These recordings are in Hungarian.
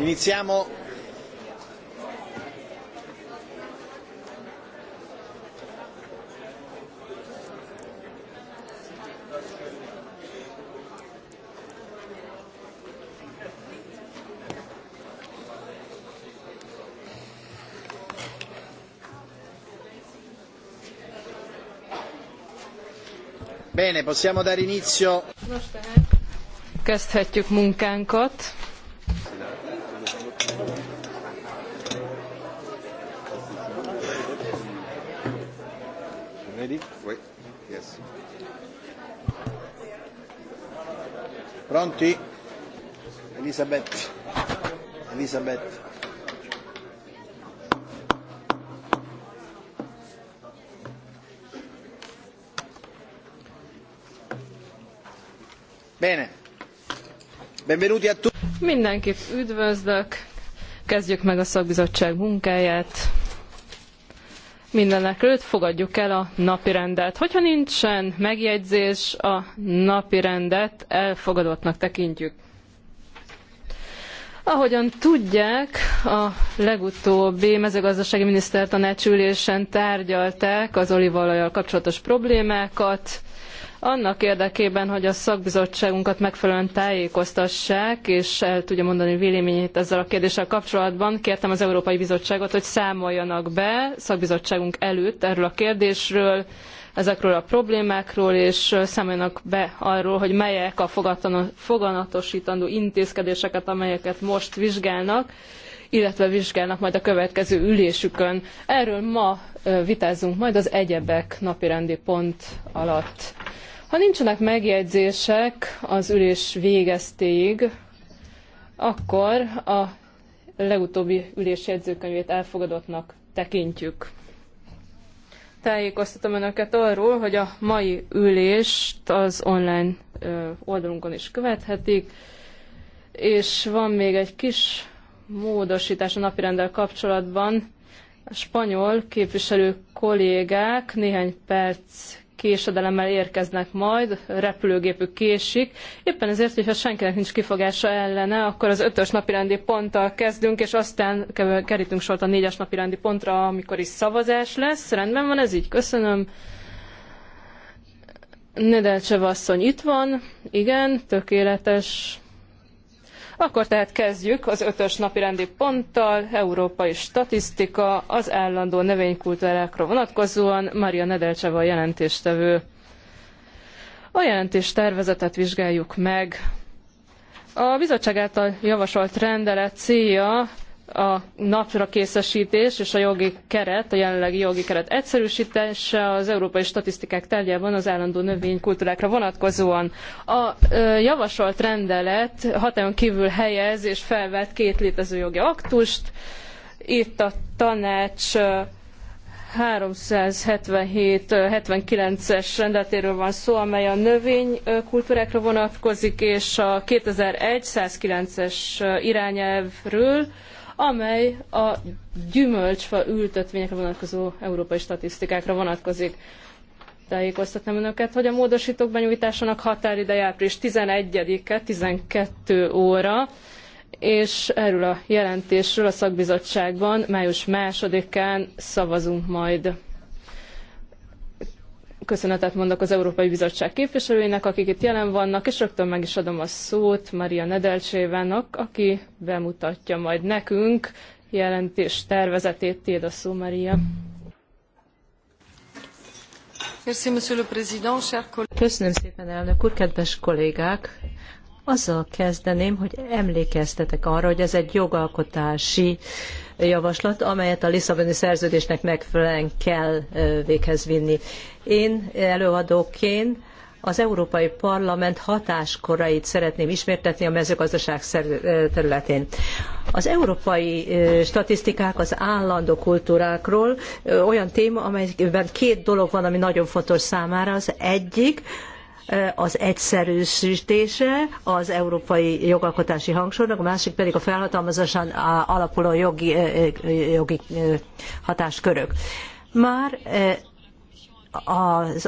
Iniziamo. Bene, possiamo dare inizio. kezdhetjük munkánkat. Elizabeth. Elizabeth. Bene. Benvenuti a tutti. Mindenkit üdvözlök. Kezdjük meg a szakbizottság munkáját. Mindenek előtt fogadjuk el a rendet. Hogyha nincsen megjegyzés, a rendet elfogadottnak tekintjük. Ahogyan tudják, a legutóbbi mezőgazdasági minisztertanács ülésen tárgyalták az olívaolajjal kapcsolatos problémákat, annak érdekében, hogy a szakbizottságunkat megfelelően tájékoztassák, és el tudja mondani véleményét ezzel a kérdéssel kapcsolatban, kértem az Európai Bizottságot, hogy számoljanak be szakbizottságunk előtt erről a kérdésről, ezekről a problémákról, és számoljanak be arról, hogy melyek a foganatosítandó intézkedéseket, amelyeket most vizsgálnak, illetve vizsgálnak majd a következő ülésükön. Erről ma vitázunk majd az egyebek napirendi pont alatt. Ha nincsenek megjegyzések az ülés végeztéig, akkor a legutóbbi ülés jegyzőkönyvét elfogadottnak tekintjük. Tájékoztatom Önöket arról, hogy a mai ülést az online oldalunkon is követhetik, és van még egy kis módosítás a napirendel kapcsolatban. A spanyol képviselő kollégák néhány perc késedelemmel érkeznek majd, repülőgépük késik. Éppen ezért, hogyha senkinek nincs kifogása ellene, akkor az ötös napirendi ponttal kezdünk, és aztán kerítünk sort a négyes napirendi pontra, amikor is szavazás lesz. Rendben van ez így, köszönöm. Nedelcseva asszony itt van, igen, tökéletes. Akkor tehát kezdjük az ötös napirendi ponttal, európai statisztika, az állandó növénykultúrákra vonatkozóan, Maria Nedelcseva jelentéstevő. A jelentés tervezetet vizsgáljuk meg. A bizottság által javasolt rendelet célja a napra és a jogi keret, a jelenlegi jogi keret egyszerűsítése az európai statisztikák tárgyában az állandó növénykultúrákra vonatkozóan. A javasolt rendelet hatályon kívül helyez és felvet két létező jogi aktust. Itt a tanács 377-79-es rendeletéről van szó, amely a növénykultúrákra vonatkozik, és a 2001-109-es irányelvről, amely a gyümölcsfa ültetvényekre vonatkozó európai statisztikákra vonatkozik. Tájékoztatnám önöket, hogy a módosítók benyújtásának határideje április 11-e, 12 óra, és erről a jelentésről a szakbizottságban május 2-án szavazunk majd köszönetet mondok az Európai Bizottság képviselőinek, akik itt jelen vannak, és rögtön meg is adom a szót Maria Nedelcsévának, aki bemutatja majd nekünk jelentés tervezetét. Tiéd a szó, Maria. Köszönöm szépen, elnök úr, kedves kollégák! Azzal kezdeném, hogy emlékeztetek arra, hogy ez egy jogalkotási javaslat, amelyet a Lisszaboni szerződésnek megfelelően kell véghez vinni. Én előadóként az Európai Parlament hatáskorait szeretném ismertetni a mezőgazdaság területén. Az európai statisztikák az állandó kultúrákról olyan téma, amelyben két dolog van, ami nagyon fontos számára. Az egyik, az egyszerűsítése az európai jogalkotási hangsúlynak, a másik pedig a felhatalmazáson alapuló jogi, jogi hatáskörök. Már az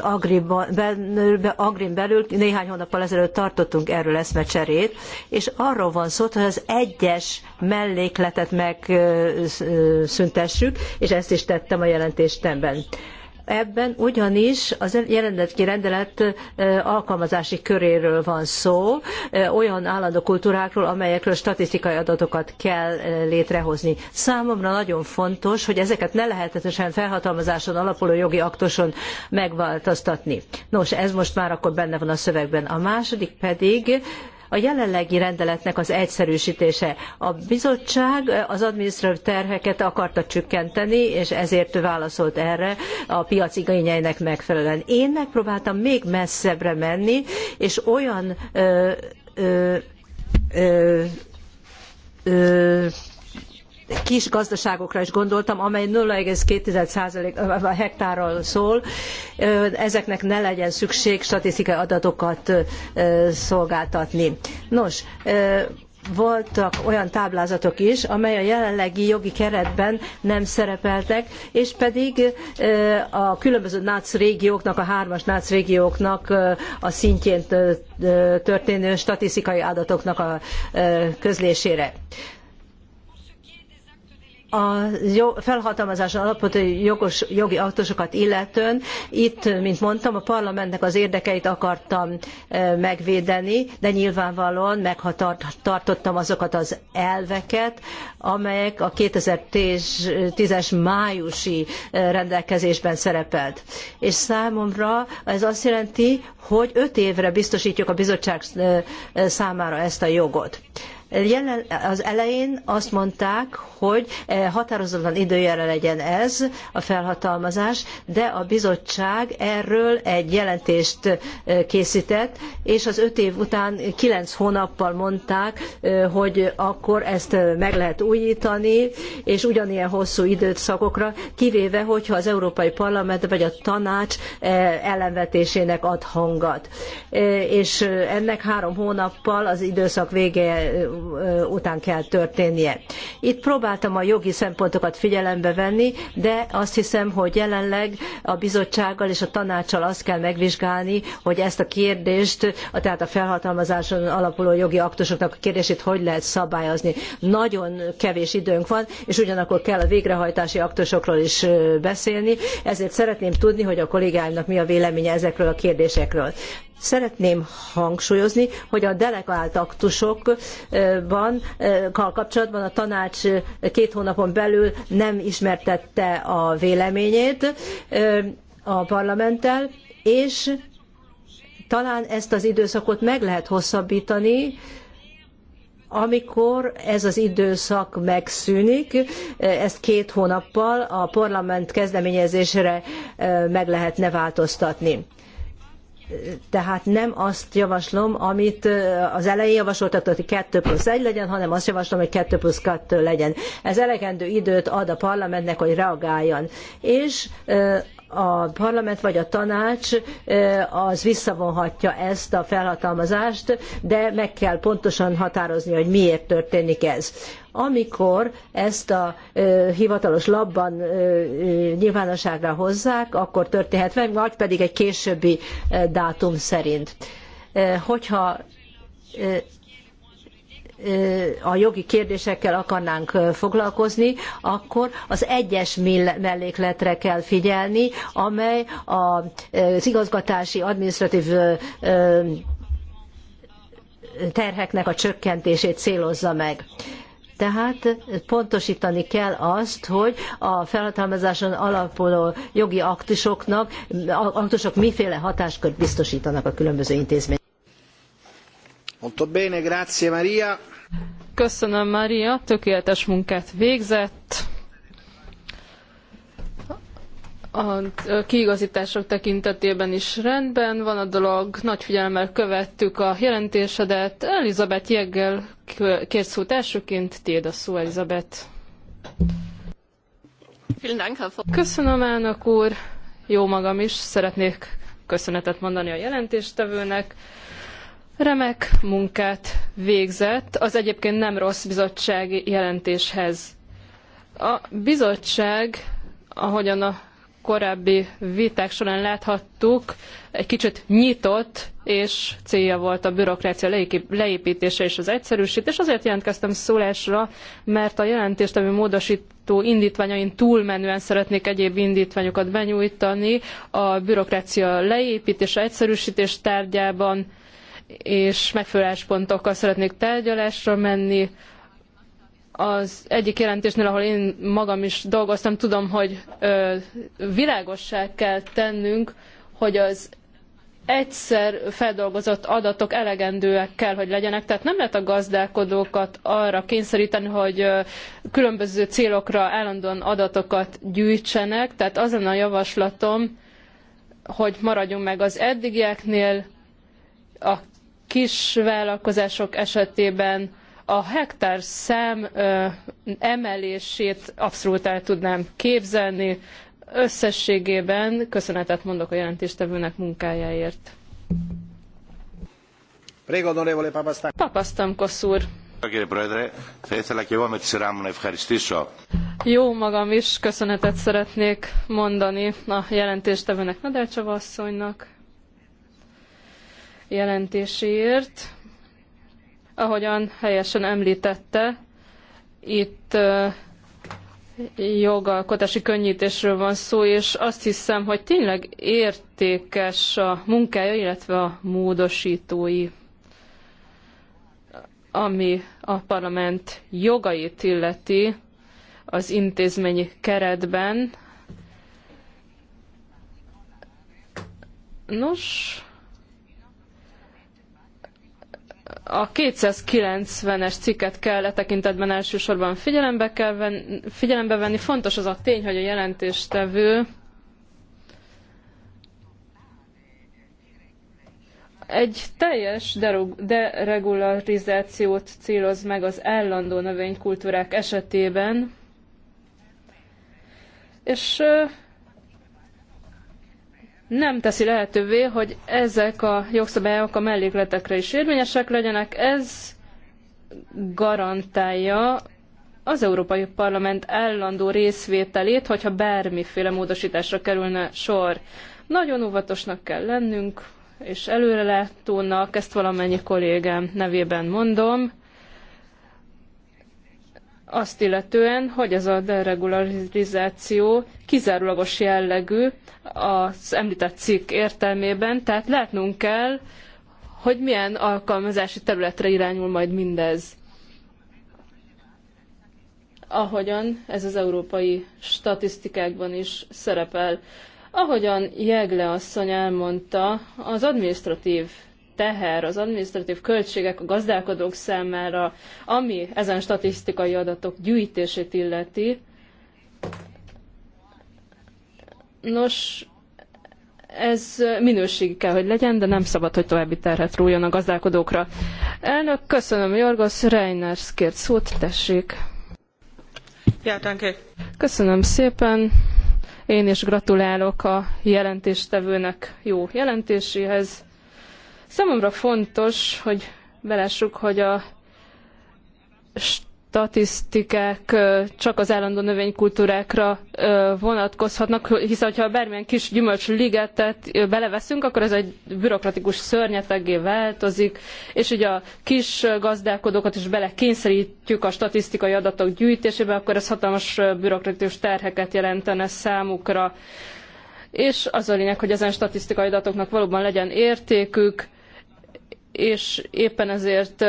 Agrin belül néhány hónappal ezelőtt tartottunk erről eszmecserét, és arról van szó, hogy az egyes mellékletet megszüntessük, és ezt is tettem a jelentéstemben. Ebben ugyanis az jelenlegi rendelet alkalmazási köréről van szó, olyan állandó kultúrákról, amelyekről statisztikai adatokat kell létrehozni. Számomra nagyon fontos, hogy ezeket ne lehetetesen felhatalmazáson alapuló jogi aktuson megváltoztatni. Nos, ez most már akkor benne van a szövegben. A második pedig a jelenlegi rendeletnek az egyszerűsítése. A bizottság az adminisztratív terheket akarta csökkenteni, és ezért válaszolt erre a piac igényeinek megfelelően. Én megpróbáltam még messzebbre menni, és olyan ö, ö, ö, kis gazdaságokra is gondoltam, amely 0,2 hektárral szól, ezeknek ne legyen szükség statisztikai adatokat szolgáltatni. Nos, voltak olyan táblázatok is, amely a jelenlegi jogi keretben nem szerepeltek, és pedig a különböző NAC régióknak, a hármas NAC régióknak a szintjén történő statisztikai adatoknak a közlésére a felhatalmazás alapot jogos, jogi aktusokat illetően itt, mint mondtam, a parlamentnek az érdekeit akartam e, megvédeni, de nyilvánvalóan meghatartottam azokat az elveket, amelyek a 2010-es májusi e, rendelkezésben szerepelt. És számomra ez azt jelenti, hogy öt évre biztosítjuk a bizottság e, számára ezt a jogot. Jelen, az elején azt mondták, hogy eh, határozatlan időjára legyen ez a felhatalmazás, de a bizottság erről egy jelentést eh, készített, és az öt év után kilenc hónappal mondták, eh, hogy akkor ezt meg lehet újítani, és ugyanilyen hosszú időszakokra, kivéve, hogyha az Európai Parlament vagy a tanács ellenvetésének ad hangat. És ennek három hónappal az időszak vége után kell történnie. Itt próbáltam a jogi szempontokat figyelembe venni, de azt hiszem, hogy jelenleg a bizottsággal és a tanácssal azt kell megvizsgálni, hogy ezt a kérdést, tehát a felhatalmazáson alapuló jogi aktusoknak a kérdését hogy lehet szabályozni. Nagyon kevés időnk van, és ugyanakkor kell a végrehajtási aktusokról is beszélni, ezért szeretném tudni, hogy a kollégáimnak mi a véleménye ezekről a kérdésekről. Szeretném hangsúlyozni, hogy a delegált aktusokban eh, kapcsolatban a tanács eh, két hónapon belül nem ismertette a véleményét eh, a parlamenttel, és talán ezt az időszakot meg lehet hosszabbítani, amikor ez az időszak megszűnik, ezt két hónappal a parlament kezdeményezésére meg lehetne változtatni. Tehát nem azt javaslom, amit az elején javasoltat, hogy 2 plusz 1 legyen, hanem azt javaslom, hogy 2 plusz 2 legyen. Ez elegendő időt ad a parlamentnek, hogy reagáljon. És a parlament vagy a tanács az visszavonhatja ezt a felhatalmazást, de meg kell pontosan határozni, hogy miért történik ez. Amikor ezt a hivatalos labban nyilvánosságra hozzák, akkor történhet meg, vagy pedig egy későbbi dátum szerint. Hogyha a jogi kérdésekkel akarnánk foglalkozni, akkor az egyes mellékletre kell figyelni, amely az igazgatási, administratív terheknek a csökkentését célozza meg. Tehát pontosítani kell azt, hogy a felhatalmazáson alapuló jogi aktusoknak, aktusok miféle hatáskört biztosítanak a különböző intézmények. Molto bene, grazie Maria. Köszönöm Maria, tökéletes munkát végzett a kiigazítások tekintetében is rendben van a dolog, nagy figyelemmel követtük a jelentésedet. Elizabeth Jeggel kér szót elsőként, tiéd a szó, Elizabeth. Köszönöm, elnök úr. Jó magam is, szeretnék köszönetet mondani a jelentéstevőnek. Remek munkát végzett az egyébként nem rossz bizottsági jelentéshez. A bizottság, ahogyan a korábbi viták során láthattuk, egy kicsit nyitott, és célja volt a bürokrácia leépítése és az egyszerűsítés. Azért jelentkeztem szólásra, mert a jelentést, ami módosító indítványain túlmenően szeretnék egyéb indítványokat benyújtani a bürokrácia leépítése, egyszerűsítés tárgyában, és megfőláspontokkal szeretnék tárgyalásra menni, az egyik jelentésnél, ahol én magam is dolgoztam, tudom, hogy ö, világossá kell tennünk, hogy az egyszer feldolgozott adatok elegendőek kell, hogy legyenek, tehát nem lehet a gazdálkodókat arra kényszeríteni, hogy különböző célokra állandóan adatokat gyűjtsenek, tehát az lenne a javaslatom, hogy maradjunk meg az eddigieknél, a kis vállalkozások esetében a hektár szem emelését abszolút el tudnám képzelni. Összességében köszönetet mondok a jelentéstevőnek munkájáért. Prego, onorevole Jó magam is köszönetet szeretnék mondani a jelentéstevőnek Nadácsava asszonynak jelentéséért Ahogyan helyesen említette, itt jogalkotási könnyítésről van szó, és azt hiszem, hogy tényleg értékes a munkája, illetve a módosítói, ami a parlament jogait illeti az intézményi keretben. Nos, a 290-es cikket kell e tekintetben elsősorban figyelembe, kell ven, figyelembe venni. Fontos az a tény, hogy a jelentéstevő egy teljes deregularizációt céloz meg az állandó növénykultúrák esetében, és nem teszi lehetővé, hogy ezek a jogszabályok a mellékletekre is érvényesek legyenek. Ez garantálja az Európai Parlament állandó részvételét, hogyha bármiféle módosításra kerülne sor. Nagyon óvatosnak kell lennünk, és előrelátónak, ezt valamennyi kollégám nevében mondom azt illetően, hogy ez a deregularizáció kizárólagos jellegű az említett cikk értelmében, tehát látnunk kell, hogy milyen alkalmazási területre irányul majd mindez. Ahogyan ez az európai statisztikákban is szerepel. Ahogyan Jegle asszony elmondta, az administratív teher, az administratív költségek a gazdálkodók számára, ami ezen statisztikai adatok gyűjtését illeti. Nos, ez minőségi kell, hogy legyen, de nem szabad, hogy további terhet rójon a gazdálkodókra. Elnök, köszönöm, Jorgos Reiners kért szót, tessék. Ja, danke. Köszönöm szépen. Én is gratulálok a jelentéstevőnek jó jelentéséhez. Számomra fontos, hogy belássuk, hogy a statisztikák csak az állandó növénykultúrákra vonatkozhatnak, hiszen ha bármilyen kis gyümölcs ligetet beleveszünk, akkor ez egy bürokratikus szörnyeteggé változik, és ugye a kis gazdálkodókat is belekényszerítjük a statisztikai adatok gyűjtésébe, akkor ez hatalmas bürokratikus terheket jelentene számukra. És az a lényeg, hogy ezen statisztikai adatoknak valóban legyen értékük, és éppen ezért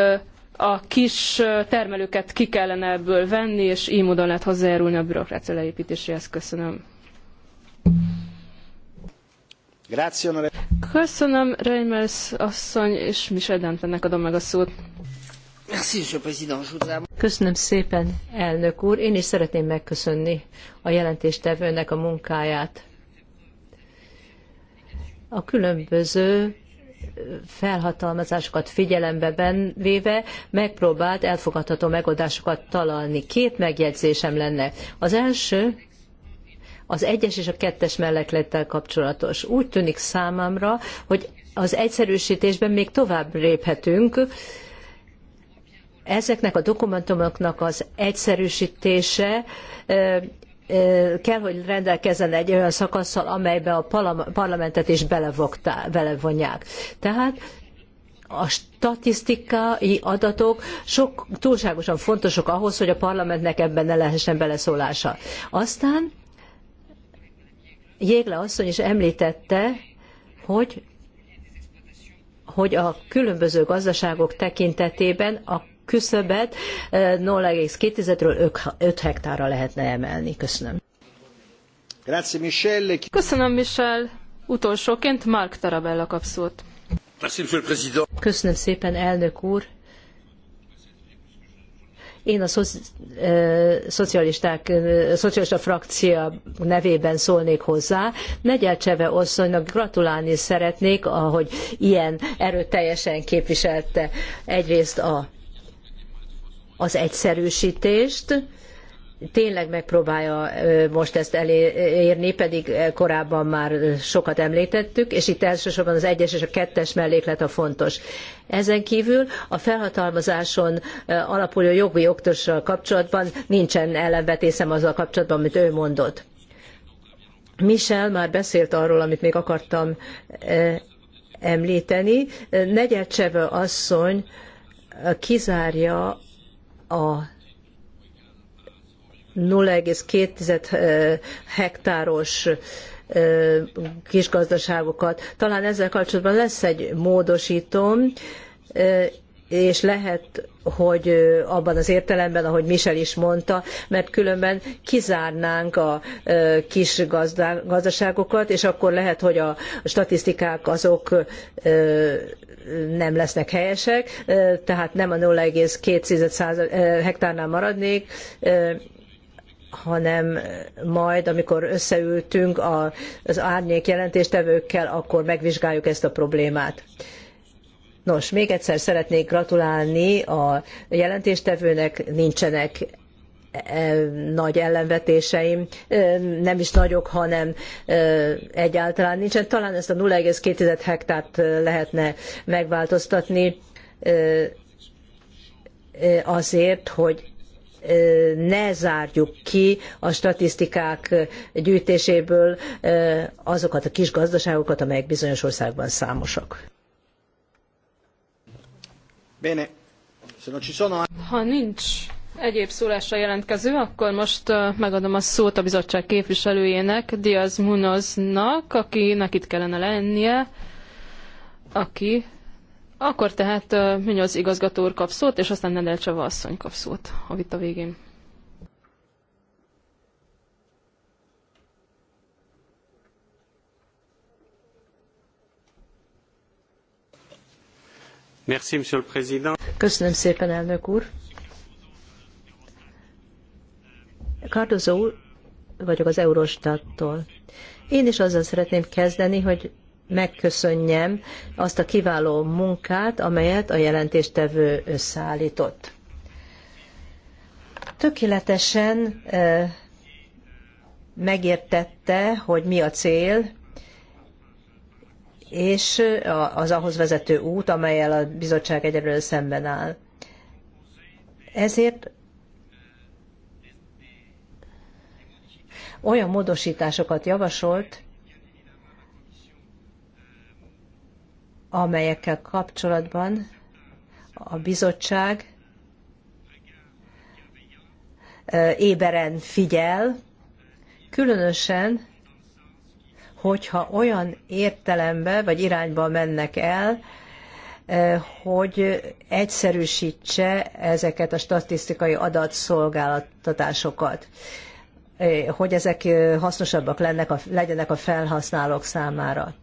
a kis termelőket ki kellene ebből venni, és így módon lehet hozzájárulni a bürokrácia leépítéséhez. Köszönöm. Köszönöm, Reimers asszony, és Michel Dantennek adom meg a szót. Köszönöm szépen, elnök úr. Én is szeretném megköszönni a jelentéstevőnek a munkáját. A különböző felhatalmazásokat figyelembe véve megpróbált elfogadható megoldásokat találni. Két megjegyzésem lenne. Az első az egyes és a kettes melléklettel kapcsolatos. Úgy tűnik számomra, hogy az egyszerűsítésben még tovább léphetünk, ezeknek a dokumentumoknak az egyszerűsítése kell, hogy rendelkezzen egy olyan szakaszsal, amelybe a parlamentet is belevonják. Tehát a statisztikai adatok sok, túlságosan fontosak ahhoz, hogy a parlamentnek ebben ne lehessen beleszólása. Aztán Jégle asszony is említette, hogy hogy a különböző gazdaságok tekintetében a küszöbet 0,2-ről 5 hektárra lehetne emelni. Köszönöm. Grazie, Michelle. Köszönöm, Michel. Utolsóként Mark Tarabella kap szót. Köszönöm szépen, elnök úr. Én a szocialisták, szocialista frakcia nevében szólnék hozzá. Negyelcseve osszonynak gratulálni szeretnék, ahogy ilyen erőteljesen képviselte egyrészt a az egyszerűsítést, tényleg megpróbálja most ezt elérni, pedig korábban már sokat említettük, és itt elsősorban az egyes és a kettes melléklet a fontos. Ezen kívül a felhatalmazáson alapuló jogi jogtossal kapcsolatban nincsen ellenvetésem azzal kapcsolatban, amit ő mondott. Michel már beszélt arról, amit még akartam említeni. Negyedcsevő asszony kizárja a 0,2 hektáros kisgazdaságokat. Talán ezzel kapcsolatban lesz egy módosítom, és lehet, hogy abban az értelemben, ahogy Michel is mondta, mert különben kizárnánk a kis gazdaságokat, és akkor lehet, hogy a statisztikák azok nem lesznek helyesek, tehát nem a 0,2 hektárnál maradnék, hanem majd, amikor összeültünk az árnyék jelentéstevőkkel, akkor megvizsgáljuk ezt a problémát. Nos, még egyszer szeretnék gratulálni a jelentéstevőnek, nincsenek e, nagy ellenvetéseim, e, nem is nagyok, hanem e, egyáltalán nincsen. Talán ezt a 0,2 hektárt lehetne megváltoztatni azért, hogy ne zárjuk ki a statisztikák gyűjtéséből azokat a kis gazdaságokat, amelyek bizonyos országban számosak. Bene. Ha nincs egyéb szólásra jelentkező, akkor most megadom a szót a bizottság képviselőjének, Diaz Munoznak, akinek itt kellene lennie, aki akkor tehát Minyoz igazgató úr kap szót, és aztán Nedelcseva asszony kap szót a vita végén. Köszönöm szépen, elnök úr. Kardozó úr, vagyok az Eurostattól. Én is azzal szeretném kezdeni, hogy megköszönjem azt a kiváló munkát, amelyet a jelentéstevő összeállított. Tökéletesen eh, megértette, hogy mi a cél, és az ahhoz vezető út, amelyel a bizottság egyelőre szemben áll. Ezért olyan módosításokat javasolt, amelyekkel kapcsolatban a bizottság éberen figyel, különösen hogyha olyan értelembe vagy irányba mennek el, eh, hogy egyszerűsítse ezeket a statisztikai adatszolgáltatásokat, eh, hogy ezek eh, hasznosabbak lennek a, legyenek a felhasználók számára.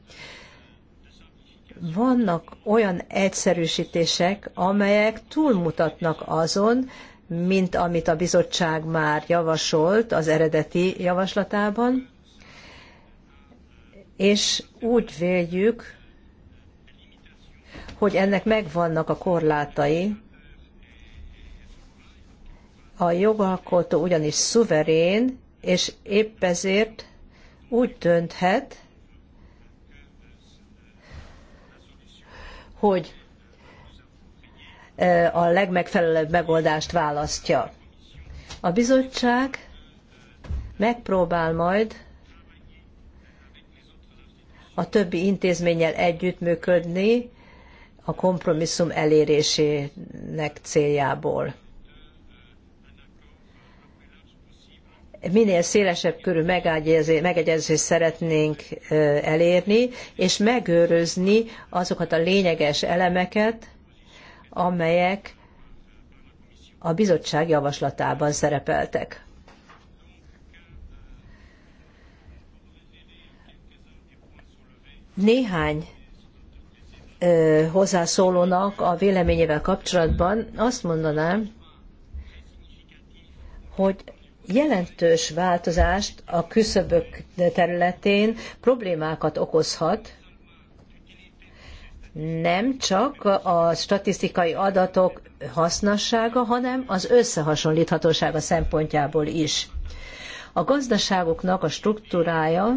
Vannak olyan egyszerűsítések, amelyek túlmutatnak azon, mint amit a bizottság már javasolt az eredeti javaslatában, és úgy véljük, hogy ennek megvannak a korlátai. A jogalkotó ugyanis szuverén, és épp ezért úgy dönthet, hogy eh, a legmegfelelőbb megoldást választja. A bizottság megpróbál majd a többi intézménnyel együttműködni a kompromisszum elérésének céljából. minél szélesebb körű megegyezést szeretnénk elérni, és megőrözni azokat a lényeges elemeket, amelyek a bizottság javaslatában szerepeltek. Néhány ö, hozzászólónak a véleményével kapcsolatban azt mondanám, hogy jelentős változást a küszöbök területén problémákat okozhat, nem csak a statisztikai adatok hasznossága, hanem az összehasonlíthatósága szempontjából is. A gazdaságoknak a struktúrája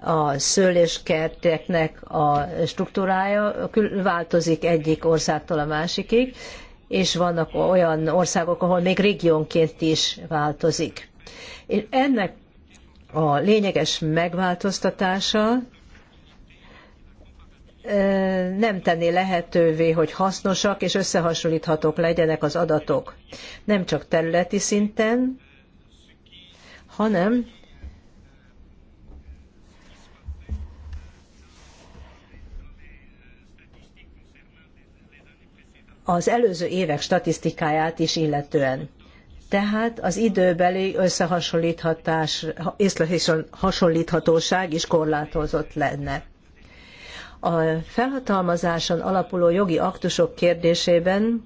a szőléskerteknek a struktúrája változik egyik országtól a másikig, és vannak olyan országok, ahol még régiónként is változik. És ennek a lényeges megváltoztatása nem tenni lehetővé, hogy hasznosak és összehasonlíthatók legyenek az adatok. Nem csak területi szinten, hanem az előző évek statisztikáját is illetően. Tehát az időbeli összehasonlíthatás, összehasonlíthatóság is korlátozott lenne. A felhatalmazáson alapuló jogi aktusok kérdésében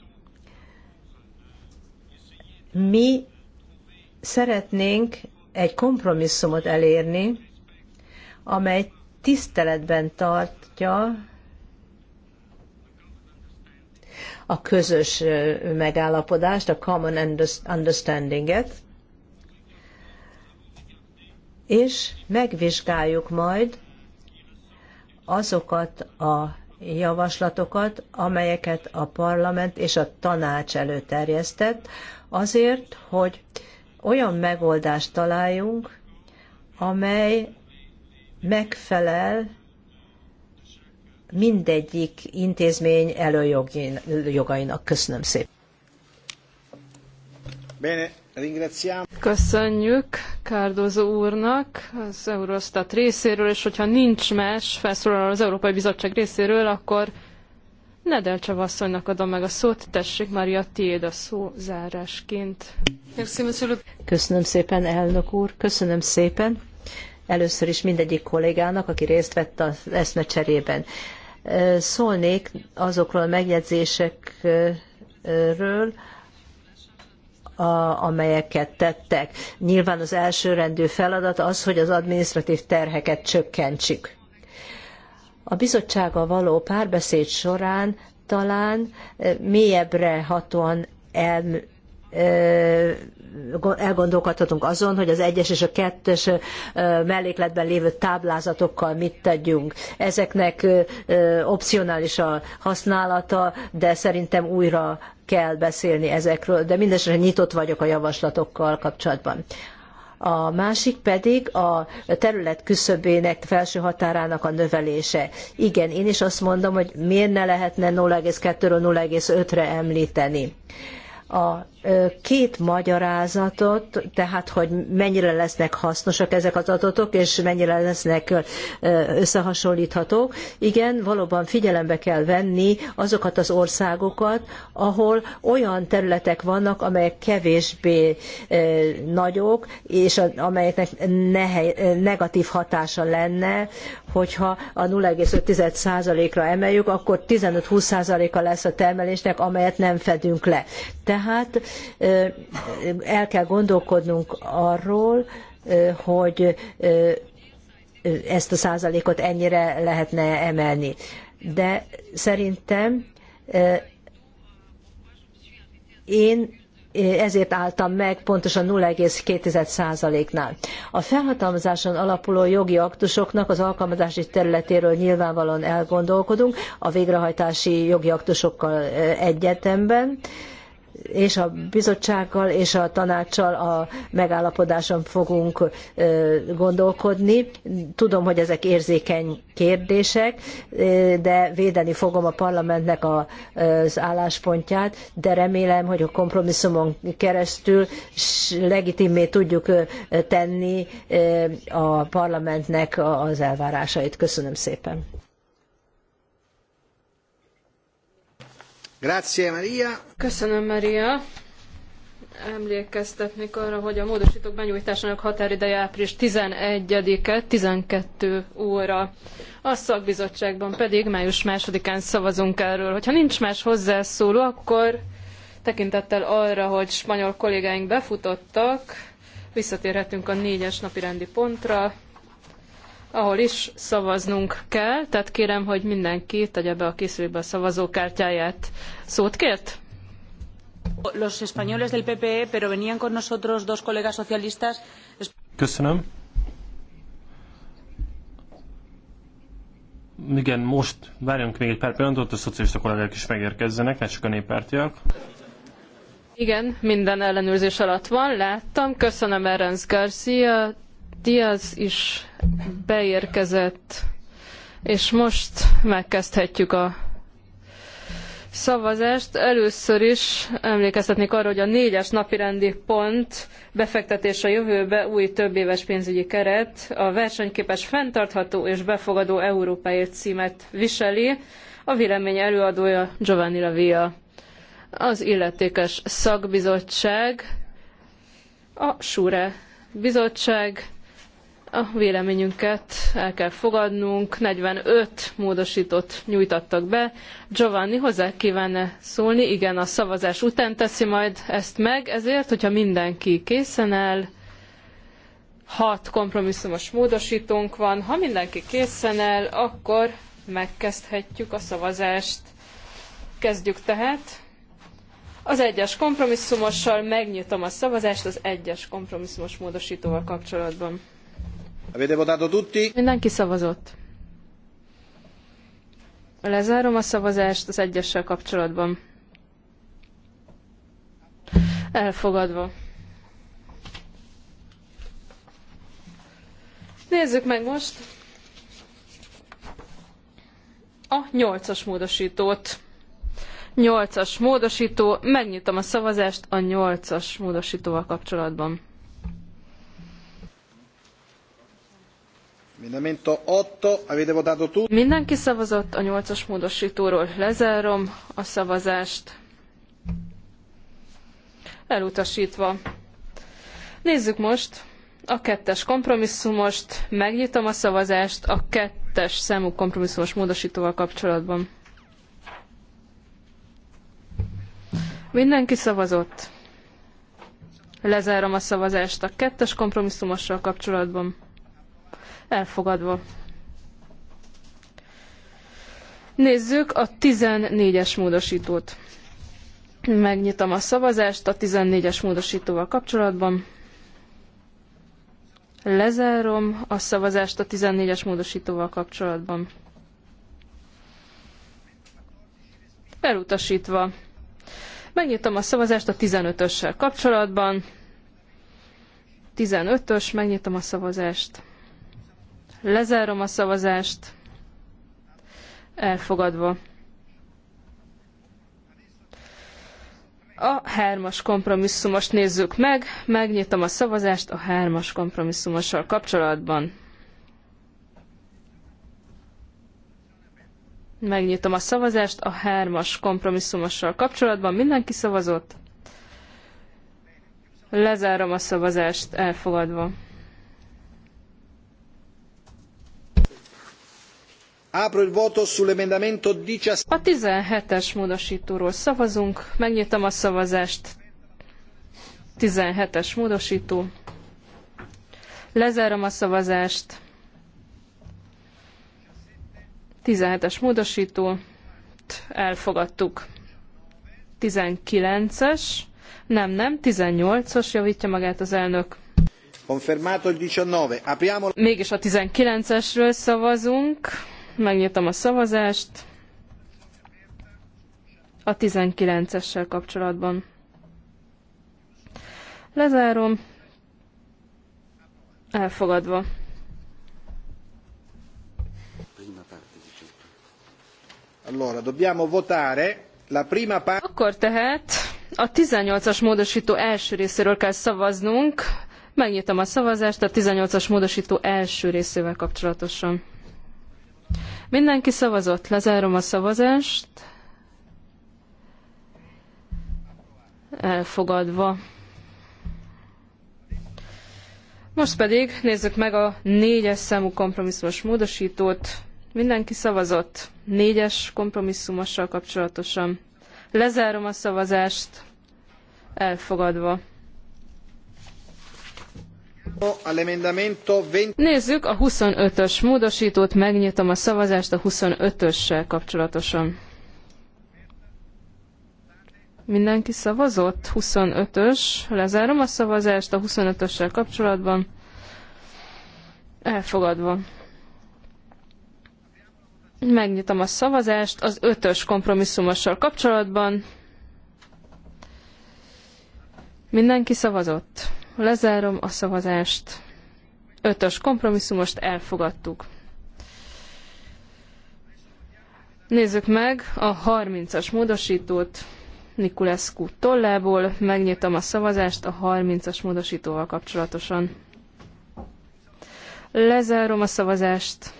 mi szeretnénk egy kompromisszumot elérni, amely tiszteletben tartja a közös megállapodást, a common understanding-et, és megvizsgáljuk majd azokat a javaslatokat, amelyeket a parlament és a tanács előterjesztett, azért, hogy olyan megoldást találjunk, amely megfelel mindegyik intézmény előjogainak. Köszönöm szépen. Bene. Köszönjük Kárdozó úrnak az Eurostat részéről, és hogyha nincs más felszólaló az Európai Bizottság részéről, akkor Nedel Csaba asszonynak adom meg a szót. Tessék, Maria, tiéd a szó zárásként. Köszönöm szépen, elnök úr, köszönöm szépen. Először is mindegyik kollégának, aki részt vett az eszmecserében szólnék azokról a megjegyzésekről, amelyeket tettek. Nyilván az elsőrendű feladat az, hogy az administratív terheket csökkentsük. A bizottsága való párbeszéd során talán mélyebbre hatóan el, elgondolkodhatunk azon, hogy az egyes és a kettes mellékletben lévő táblázatokkal mit tegyünk. Ezeknek opcionális a használata, de szerintem újra kell beszélni ezekről, de mindesetre nyitott vagyok a javaslatokkal kapcsolatban. A másik pedig a terület küszöbének felső határának a növelése. Igen, én is azt mondom, hogy miért ne lehetne 0,2-ről 0,5-re említeni. A két magyarázatot, tehát hogy mennyire lesznek hasznosak ezek az adatok, és mennyire lesznek összehasonlíthatók. Igen, valóban figyelembe kell venni azokat az országokat, ahol olyan területek vannak, amelyek kevésbé nagyok, és amelyeknek negatív hatása lenne, hogyha a 0,5%-ra emeljük, akkor 15-20%-a lesz a termelésnek, amelyet nem fedünk le. Tehát el kell gondolkodnunk arról, hogy ezt a százalékot ennyire lehetne emelni. De szerintem én ezért álltam meg pontosan 0,2%-nál. A felhatalmazáson alapuló jogi aktusoknak az alkalmazási területéről nyilvánvalóan elgondolkodunk, a végrehajtási jogi aktusokkal egyetemben és a bizottsággal és a tanácssal a megállapodáson fogunk gondolkodni. Tudom, hogy ezek érzékeny kérdések, de védeni fogom a parlamentnek az álláspontját, de remélem, hogy a kompromisszumon keresztül legitimé tudjuk tenni a parlamentnek az elvárásait. Köszönöm szépen. Grazie, Maria. Köszönöm, Maria. Emlékeztetnék arra, hogy a módosítók benyújtásának határideje április 11-e, 12 óra. A szakbizottságban pedig május 2-án szavazunk erről. Hogyha nincs más hozzászóló, akkor tekintettel arra, hogy spanyol kollégáink befutottak, visszatérhetünk a négyes napi rendi pontra ahol is szavaznunk kell, tehát kérem, hogy mindenki tegye be a készülőbe a szavazókártyáját. Szót kért? Los españoles del PPE, pero venían con nosotros dos colegas socialistas. Köszönöm. Igen, most várjunk még egy pár pillanatot, a szocialista kollégák is megérkezzenek, ne csak a néppártiak. Igen, minden ellenőrzés alatt van, láttam. Köszönöm Erenz Garcia Diaz is beérkezett, és most megkezdhetjük a szavazást. Először is emlékeztetnék arra, hogy a négyes napirendi pont befektetés a jövőbe új többéves pénzügyi keret a versenyképes, fenntartható és befogadó Európáért címet viseli. A vélemény előadója Giovanni Lavia. Az illetékes szakbizottság, a SURE bizottság, a véleményünket el kell fogadnunk, 45 módosított nyújtattak be. Giovanni hozzá kívánne szólni, igen, a szavazás után teszi majd ezt meg, ezért, hogyha mindenki készen áll, hat kompromisszumos módosítónk van. Ha mindenki készen el, akkor megkezdhetjük a szavazást. Kezdjük tehát. Az egyes kompromisszumossal megnyitom a szavazást az egyes kompromisszumos módosítóval kapcsolatban. Avete votato tutti? Mindenki szavazott. Lezárom a szavazást az egyessel kapcsolatban. Elfogadva. Nézzük meg most a nyolcas módosítót. Nyolcas módosító, megnyitom a szavazást a nyolcas módosítóval kapcsolatban. Mindenki szavazott a nyolcas módosítóról. Lezárom a szavazást. Elutasítva. Nézzük most a kettes kompromisszumost. Megnyitom a szavazást a kettes számú kompromisszumos módosítóval kapcsolatban. Mindenki szavazott. Lezárom a szavazást a kettes kompromisszumossal kapcsolatban. Elfogadva. Nézzük a 14-es módosítót. Megnyitom a szavazást a 14-es módosítóval kapcsolatban. Lezárom a szavazást a 14-es módosítóval kapcsolatban. Elutasítva. Megnyitom a szavazást a 15-össel kapcsolatban. 15-ös, megnyitom a szavazást. Lezárom a szavazást. Elfogadva. A hármas kompromisszumos nézzük meg. Megnyitom a szavazást a hármas kompromisszumossal kapcsolatban. Megnyitom a szavazást a hármas kompromisszumossal kapcsolatban. Mindenki szavazott? Lezárom a szavazást elfogadva. A 17-es módosítóról szavazunk. Megnyitom a szavazást. 17-es módosító. Lezárom a szavazást. 17-es módosító. Elfogadtuk. 19-es. Nem, nem, 18-as javítja magát az elnök. Confermato 19. Apriamo... Mégis a 19-esről szavazunk megnyitom a szavazást a 19-essel kapcsolatban. Lezárom. Elfogadva. Allora, dobbiamo votare la prima parte. Akkor tehát a 18-as módosító első részéről kell szavaznunk. Megnyitom a szavazást a 18-as módosító első részével kapcsolatosan. Mindenki szavazott, lezárom a szavazást. Elfogadva. Most pedig nézzük meg a négyes számú kompromisszumos módosítót. Mindenki szavazott négyes kompromisszumossal kapcsolatosan. Lezárom a szavazást. Elfogadva. Nézzük a 25-ös módosítót, megnyitom a szavazást a 25-össel kapcsolatosan. Mindenki szavazott? 25-ös. Lezárom a szavazást a 25-össel kapcsolatban. Elfogadva. Megnyitom a szavazást az 5-ös kompromisszumossal kapcsolatban. Mindenki szavazott. Lezárom a szavazást. Ötös kompromisszumost elfogadtuk. Nézzük meg a 30-as módosítót Nikulescu tollából. Megnyitom a szavazást a 30-as módosítóval kapcsolatosan. Lezárom a szavazást.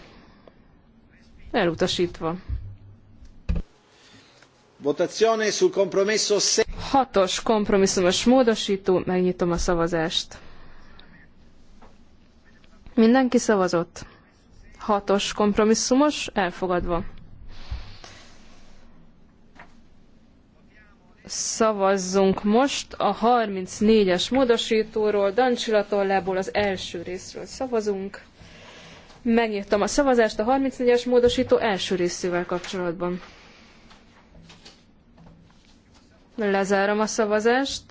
Elutasítva. Votazione sul compromesso Hatos kompromisszumos módosító, megnyitom a szavazást. Mindenki szavazott. Hatos kompromisszumos, elfogadva. Szavazzunk most a 34-es módosítóról, Dancsilatollából az első részről szavazunk. Megnyitom a szavazást a 34-es módosító első részével kapcsolatban. Lezárom a szavazást.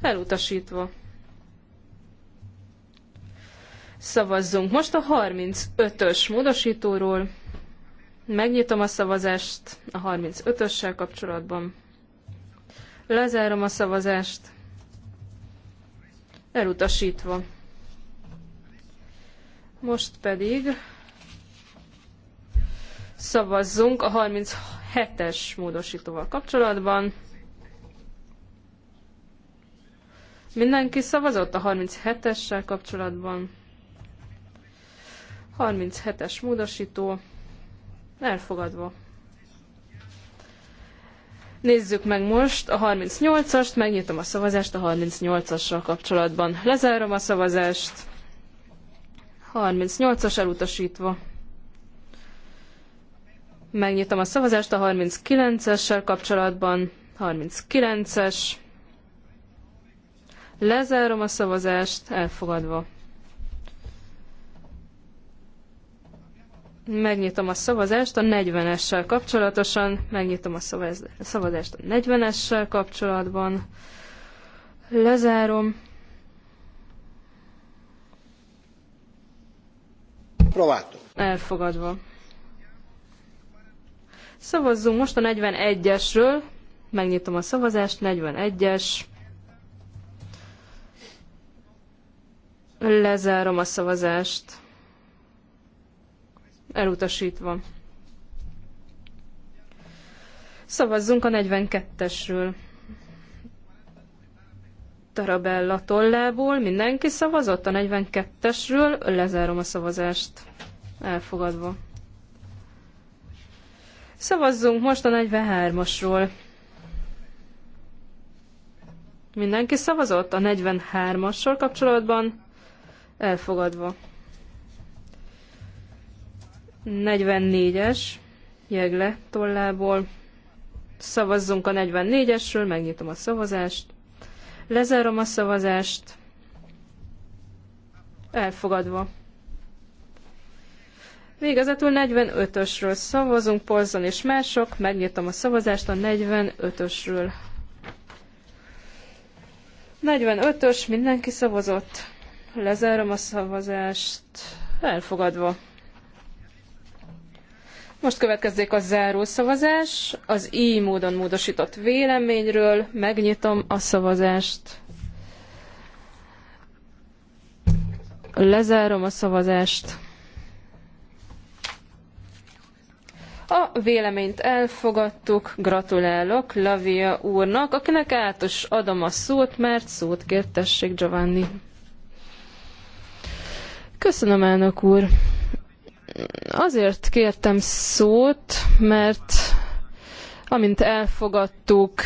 Elutasítva. Szavazzunk most a 35-ös módosítóról. Megnyitom a szavazást a 35-össel kapcsolatban. Lezárom a szavazást. Elutasítva. Most pedig szavazzunk a 36 hetes módosítóval kapcsolatban. Mindenki szavazott a 37-essel kapcsolatban. 37-es módosító. Elfogadva. Nézzük meg most a 38-ast, megnyitom a szavazást a 38-assal kapcsolatban. Lezárom a szavazást. 38-as elutasítva. Megnyitom a szavazást a 39-essel kapcsolatban. 39-es. Lezárom a szavazást, elfogadva. Megnyitom a szavazást a 40-essel kapcsolatosan. Megnyitom a szavazást a 40-essel kapcsolatban. Lezárom. Próbáltam. Elfogadva. Szavazzunk most a 41-esről. Megnyitom a szavazást, 41-es. Lezárom a szavazást. Elutasítva. Szavazzunk a 42-esről. Tarabella tollából mindenki szavazott a 42-esről, lezárom a szavazást. Elfogadva. Szavazzunk most a 43-asról. Mindenki szavazott a 43 asról kapcsolatban? Elfogadva. 44-es, jegle tollából. Szavazzunk a 44-esről, megnyitom a szavazást. Lezárom a szavazást. Elfogadva. Végezetül 45-ösről szavazunk, Polzon és mások. Megnyitom a szavazást a 45-ösről. 45-ös, mindenki szavazott. Lezárom a szavazást. Elfogadva. Most következzék a záró szavazás. Az így módon módosított véleményről megnyitom a szavazást. Lezárom a szavazást. A véleményt elfogadtuk, gratulálok Lavia úrnak, akinek át is adom a szót, mert szót kért, tessék Giovanni. Köszönöm, elnök úr. Azért kértem szót, mert amint elfogadtuk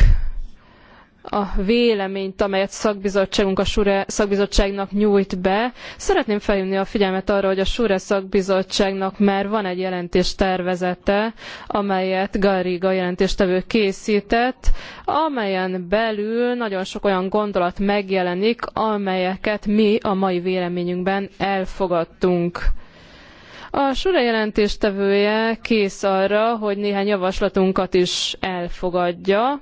a véleményt, amelyet szakbizottságunk a SURE szakbizottságnak nyújt be. Szeretném felhívni a figyelmet arra, hogy a SURE szakbizottságnak már van egy jelentés tervezete, amelyet Garriga jelentéstevő készített, amelyen belül nagyon sok olyan gondolat megjelenik, amelyeket mi a mai véleményünkben elfogadtunk. A SURE jelentéstevője kész arra, hogy néhány javaslatunkat is elfogadja,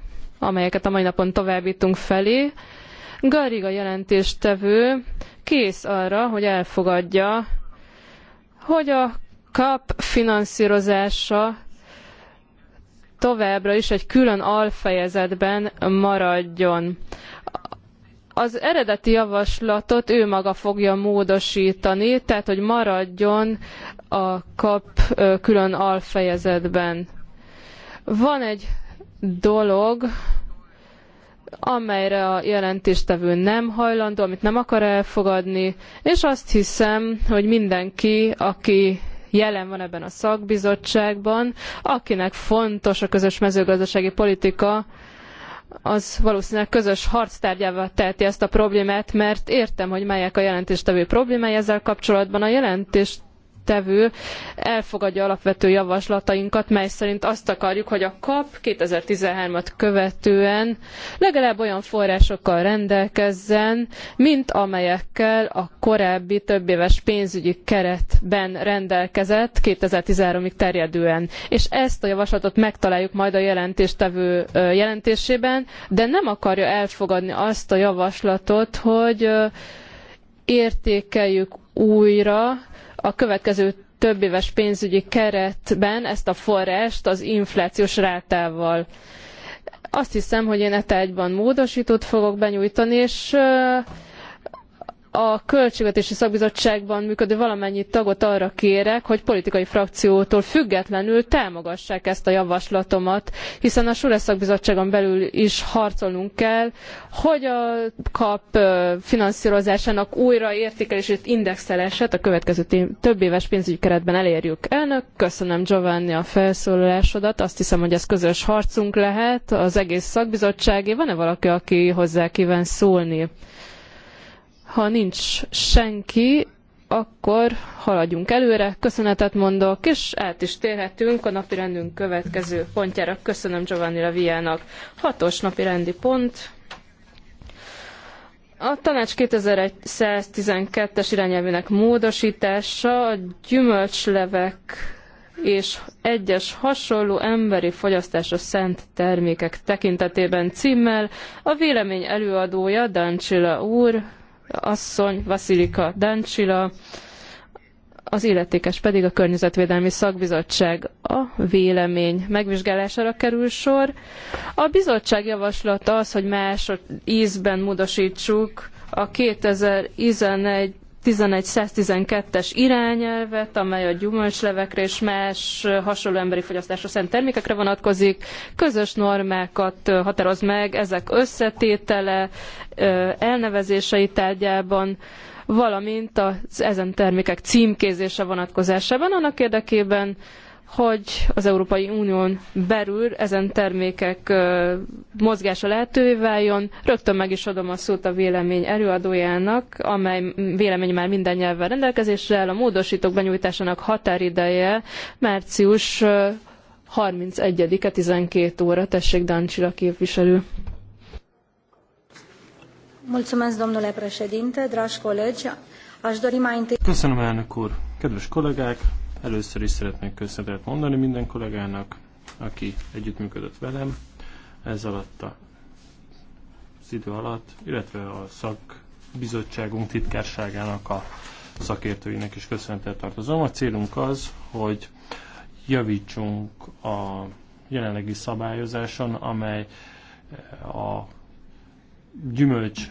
amelyeket a mai napon továbbítunk felé. Garriga jelentéstevő kész arra, hogy elfogadja, hogy a kap finanszírozása továbbra is egy külön alfejezetben maradjon. Az eredeti javaslatot ő maga fogja módosítani, tehát hogy maradjon a kap külön alfejezetben. Van egy dolog, amelyre a jelentéstevő nem hajlandó, amit nem akar elfogadni, és azt hiszem, hogy mindenki, aki jelen van ebben a szakbizottságban, akinek fontos a közös mezőgazdasági politika, az valószínűleg közös harctárgyává teheti ezt a problémát, mert értem, hogy melyek a jelentéstevő problémái ezzel kapcsolatban. A jelentést Tevő elfogadja alapvető javaslatainkat, mely szerint azt akarjuk, hogy a KAP 2013-at követően legalább olyan forrásokkal rendelkezzen, mint amelyekkel a korábbi többéves pénzügyi keretben rendelkezett 2013-ig terjedően. És ezt a javaslatot megtaláljuk majd a jelentéstevő jelentésében, de nem akarja elfogadni azt a javaslatot, hogy értékeljük újra a következő többéves pénzügyi keretben ezt a forrást az inflációs rátával. Azt hiszem, hogy én e tárgyban módosítót fogok benyújtani, és a Költségvetési Szakbizottságban működő valamennyi tagot arra kérek, hogy politikai frakciótól függetlenül támogassák ezt a javaslatomat, hiszen a Sure Szakbizottságon belül is harcolnunk kell, hogy a kap finanszírozásának újraértékelését indexelését a következő többéves pénzügyi keretben elérjük. Elnök, köszönöm Giovanni a felszólalásodat, azt hiszem, hogy ez közös harcunk lehet az egész szakbizottságé. Van-e valaki, aki hozzá kíván szólni? Ha nincs senki, akkor haladjunk előre. Köszönetet mondok, és át is térhetünk a napirendünk következő pontjára. Köszönöm Giovanni Laviának. Hatos napirendi pont. A tanács 2112-es irányelvének módosítása a gyümölcslevek és egyes hasonló emberi fogyasztásra szent termékek tekintetében címmel. A vélemény előadója Dancsila úr, asszony, Vasilika Dancsila, az illetékes pedig a Környezetvédelmi Szakbizottság a vélemény megvizsgálására kerül sor. A bizottság javaslata az, hogy más ízben módosítsuk a 2011 11.112-es irányelvet, amely a gyümölcslevekre és más hasonló emberi fogyasztásra szent termékekre vonatkozik. Közös normákat határoz meg ezek összetétele, elnevezései tárgyában, valamint az ezen termékek címkézése vonatkozásában annak érdekében, hogy az Európai Unión belül ezen termékek mozgása lehetővé váljon. Rögtön meg is adom a szót a vélemény előadójának, amely vélemény már minden nyelven rendelkezésre áll. A módosítók benyújtásának határideje március 31-e 12 óra. Tessék, Dancsila képviselő. Mulțumesc, domnule președinte, dragi colegi. Aș dori Köszönöm, elnök úr. Kedves kollégák, Először is szeretnék köszönetet mondani minden kollégának, aki együttműködött velem ez alatt a, az idő alatt, illetve a szakbizottságunk titkárságának a szakértőinek is köszönetet tartozom. A célunk az, hogy javítsunk a jelenlegi szabályozáson, amely eh, a gyümölcs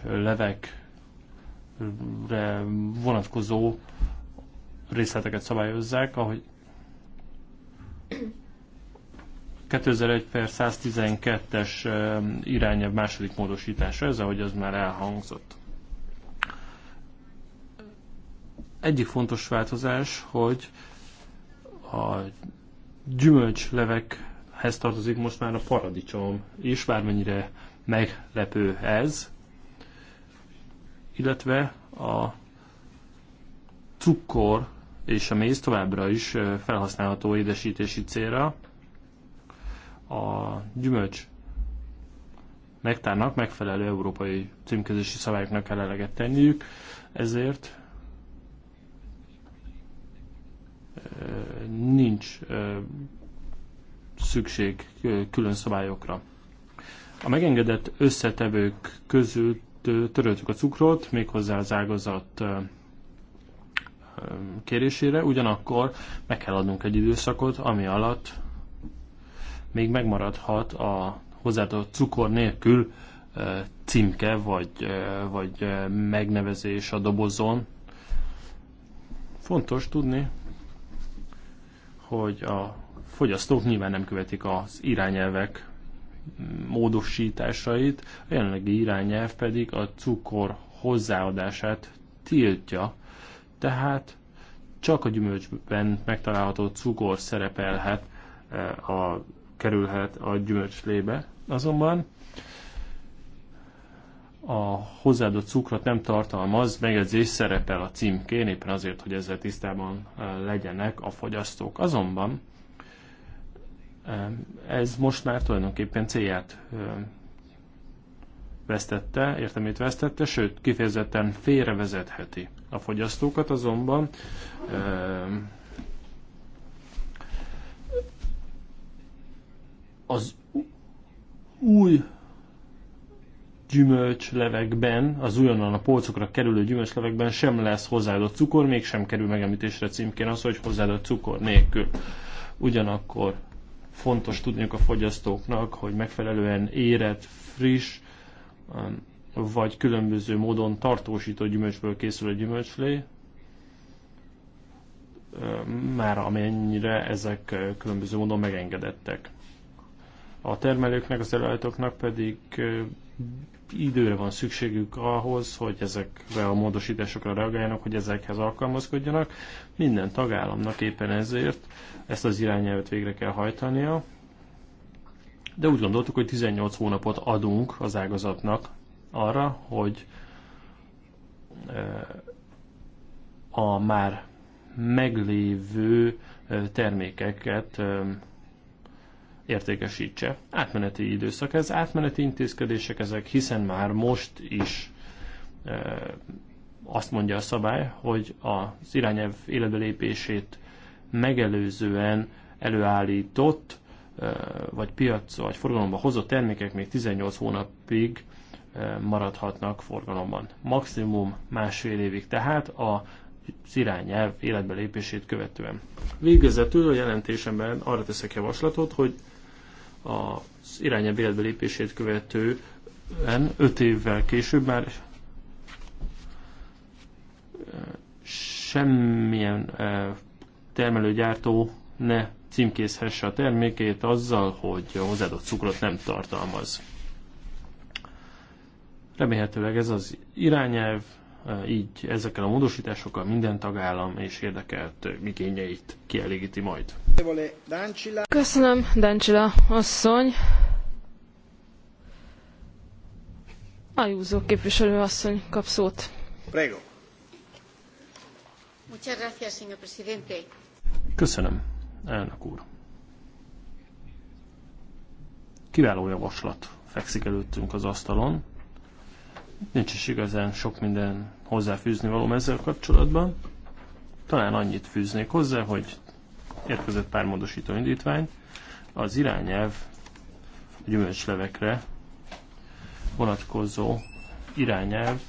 vonatkozó részleteket szabályozzák, ahogy 2001 per 112-es irányelv második módosítása, ez ahogy az már elhangzott. Egyik fontos változás, hogy a gyümölcslevekhez tartozik most már a paradicsom és bármennyire meglepő ez, illetve a cukor és a méz továbbra is felhasználható édesítési célra. A gyümölcs nektárnak megfelelő európai címkezési szabályoknak kell eleget tenniük, ezért nincs szükség külön szabályokra. A megengedett összetevők közül töröltük a cukrot, méghozzá az ágazat kérésére, ugyanakkor meg kell adnunk egy időszakot, ami alatt még megmaradhat a hozzáadott cukor nélkül címke, vagy, vagy megnevezés a dobozon. Fontos tudni, hogy a fogyasztók nyilván nem követik az irányelvek módosításait, a jelenlegi irányelv pedig a cukor hozzáadását tiltja tehát csak a gyümölcsben megtalálható cukor szerepelhet, eh, a, kerülhet a gyümölcslébe. Azonban a hozzáadott cukrot nem tartalmaz, megjegyzés szerepel a címkén, éppen azért, hogy ezzel tisztában eh, legyenek a fogyasztók. Azonban eh, ez most már tulajdonképpen célját vesztette, értelmét vesztette, sőt, kifejezetten félrevezetheti a fogyasztókat, azonban ehm, az új gyümölcslevekben, az újonnan a polcokra kerülő gyümölcslevekben sem lesz hozzáadott cukor, mégsem kerül megemlítésre címkén az, hogy hozzáadott cukor nélkül. Ugyanakkor fontos tudniuk a fogyasztóknak, hogy megfelelően érett, friss, vagy különböző módon tartósított gyümölcsből a gyümölcslé, már amennyire ezek eh, különböző módon megengedettek. A termelőknek, az előállítóknak pedig eh, időre van szükségük ahhoz, hogy ezekre a módosításokra reagáljanak, hogy ezekhez alkalmazkodjanak. Minden tagállamnak éppen ezért ezt az irányelvet végre kell hajtania, de úgy gondoltuk, hogy 18 hónapot adunk az ágazatnak arra, hogy a már meglévő termékeket értékesítse. Átmeneti időszak ez, átmeneti intézkedések ezek, hiszen már most is azt mondja a szabály, hogy az irányelv életbelépését lépését megelőzően előállított vagy piac, vagy forgalomba hozott termékek még 18 hónapig maradhatnak forgalomban. Maximum másfél évig tehát a irányelv életbe lépését követően. Végezetül a jelentésemben arra teszek javaslatot, hogy az irányelv életbe lépését követően 5 évvel később már semmilyen termelőgyártó ne címkézhesse a termékét azzal, hogy hozzáadott cukrot nem tartalmaz. Remélhetőleg ez az irányelv, e, így ezekkel a módosításokkal minden tagállam és érdekelt igényeit kielégíti majd. Köszönöm, Dancsila asszony. Ajúzó képviselő asszony kap szót. Prego. Köszönöm elnök úr. Kiváló javaslat fekszik előttünk az asztalon. Nincs is igazán sok minden hozzáfűzni való ezzel kapcsolatban. Talán annyit fűznék hozzá, hogy érkezett pár módosító indítvány. Az irányelv a gyümölcslevekre vonatkozó irányelv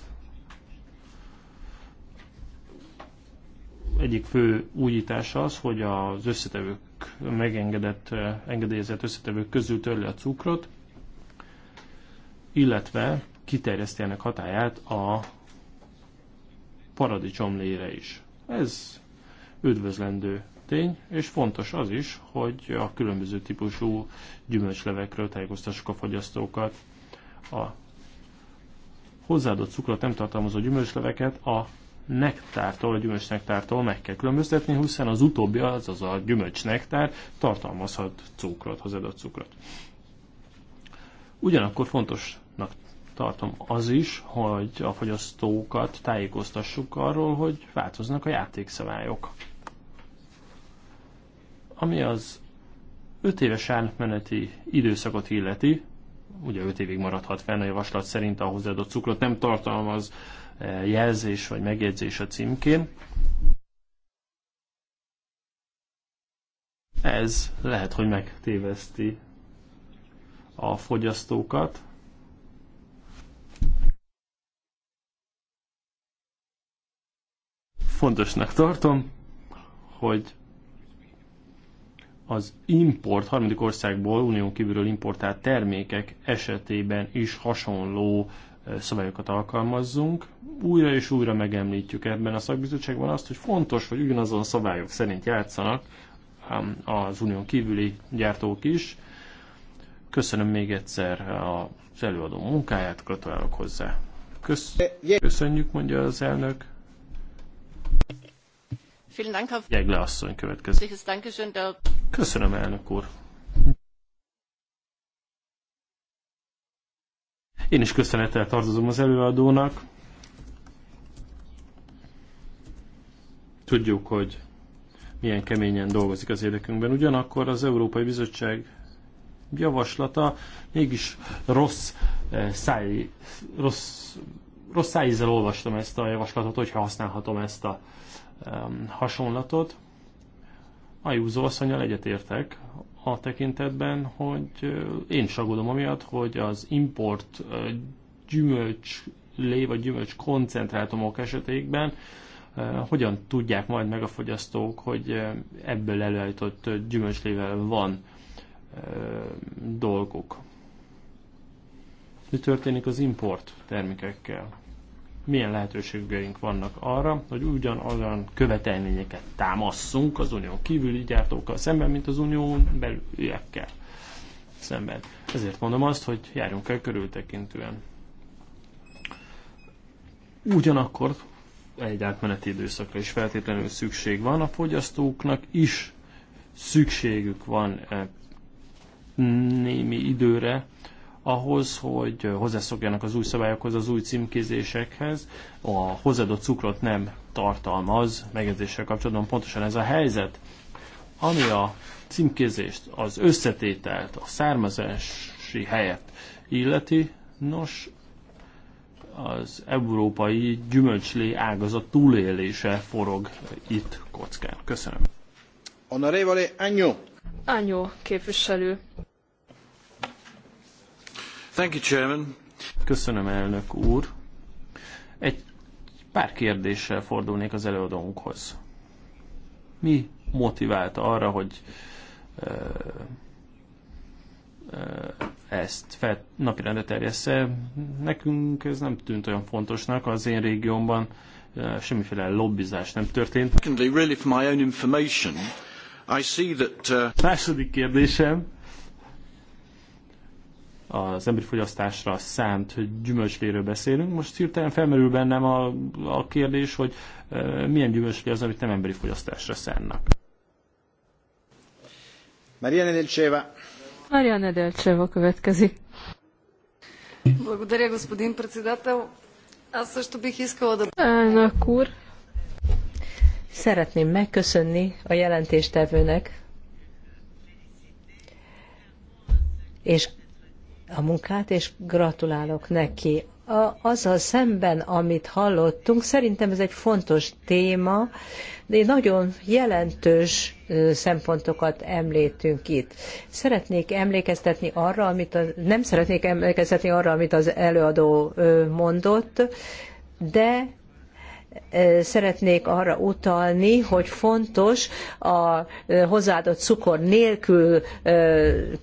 egyik fő újítása az, hogy az összetevők megengedett, eh, engedélyezett összetevők közül törli a cukrot, illetve kiterjeszti ennek hatáját a paradicsomlére is. Ez üdvözlendő tény, és fontos az is, hogy a különböző típusú gyümölcslevekről tájékoztassuk a fogyasztókat. A hozzáadott cukrot nem tartalmazó gyümölcsleveket a nektártól, a gyümölcs nektártól meg kell különböztetni, hiszen az utóbbi, azaz a gyümölcs nektár tartalmazhat cukrot, hozzáadott cukrot. Ugyanakkor fontosnak tartom az is, hogy a fogyasztókat tájékoztassuk arról, hogy változnak a játékszabályok. Ami az 5 éves átmeneti időszakot illeti, ugye 5 évig maradhat fenn a javaslat szerint a hozzáadott cukrot nem tartalmaz jelzés vagy megjegyzés a címkén. Ez lehet, hogy megtéveszti a fogyasztókat. Fontosnak tartom, hogy az import, harmadik országból, unión kívülről importált termékek esetében is hasonló szabályokat alkalmazzunk. Újra és újra megemlítjük ebben a szakbizottságban azt, hogy fontos, hogy ugyanazon szabályok szerint játszanak az unión kívüli gyártók is. Köszönöm még egyszer az előadó munkáját, gratulálok hozzá. Köszönjük, mondja az elnök. Jegle asszony következik. Köszönöm, elnök úr. Én is köszönettel tartozom az előadónak. Tudjuk, hogy milyen keményen dolgozik az érdekünkben. Ugyanakkor az Európai Bizottság javaslata mégis rossz eh, száj, rossz, rossz szájízzel olvastam ezt a javaslatot, hogyha használhatom ezt a um, hasonlatot. Júzó asszonyjal egyetértek a tekintetben, hogy én is aggódom amiatt, hogy az import gyümölcs lé vagy gyümölcs koncentrátumok esetében hogyan tudják majd meg a fogyasztók, hogy ebből előállított gyümölcslével van dolgok. Mi történik az import termékekkel? milyen lehetőségeink vannak arra, hogy ugyanolyan követelményeket támasszunk az unión kívüli gyártókkal szemben, mint az unión belüliekkel szemben. Ezért mondom azt, hogy járjunk el körültekintően. Ugyanakkor egy átmeneti időszakra is feltétlenül szükség van. A fogyasztóknak is szükségük van eh, némi időre ahhoz, hogy hozzászokjanak az új szabályokhoz, az új címkézésekhez. A hozzáadott cukrot nem tartalmaz, megjegyzéssel kapcsolatban pontosan ez a helyzet. Ami a címkézést, az összetételt, a származási helyet illeti, nos, az európai gyümölcslé ágazat túlélése forog itt kockán. Köszönöm. Honorevole Anyó. Anyó képviselő. Köszönöm, elnök úr. Egy pár kérdéssel fordulnék az előadónkhoz. Mi motiválta arra, hogy ezt fel, napirendre terjessze. Nekünk ez nem tűnt olyan fontosnak, az én régiómban semmiféle lobbizás nem történt. Really for my own information, I see that, uh, Második kérdésem, az emberi fogyasztásra szánt gyümölcsléről beszélünk. Most hirtelen felmerül bennem a, a kérdés, hogy e, milyen gyümölcslé az, amit nem emberi fogyasztásra szánnak. Mariana Delcseva. Mariana Delcseva következik. Благодаря, господин председател. Аз също бих искала да... Elnök úr, szeretném megköszönni a jelentéstevőnek, és a munkát, és gratulálok neki. A, azzal szemben, amit hallottunk, szerintem ez egy fontos téma, de nagyon jelentős szempontokat említünk itt. Szeretnék emlékeztetni arra, amit a, nem szeretnék emlékeztetni arra, amit az előadó mondott, de szeretnék arra utalni, hogy fontos a hozzáadott cukor nélkül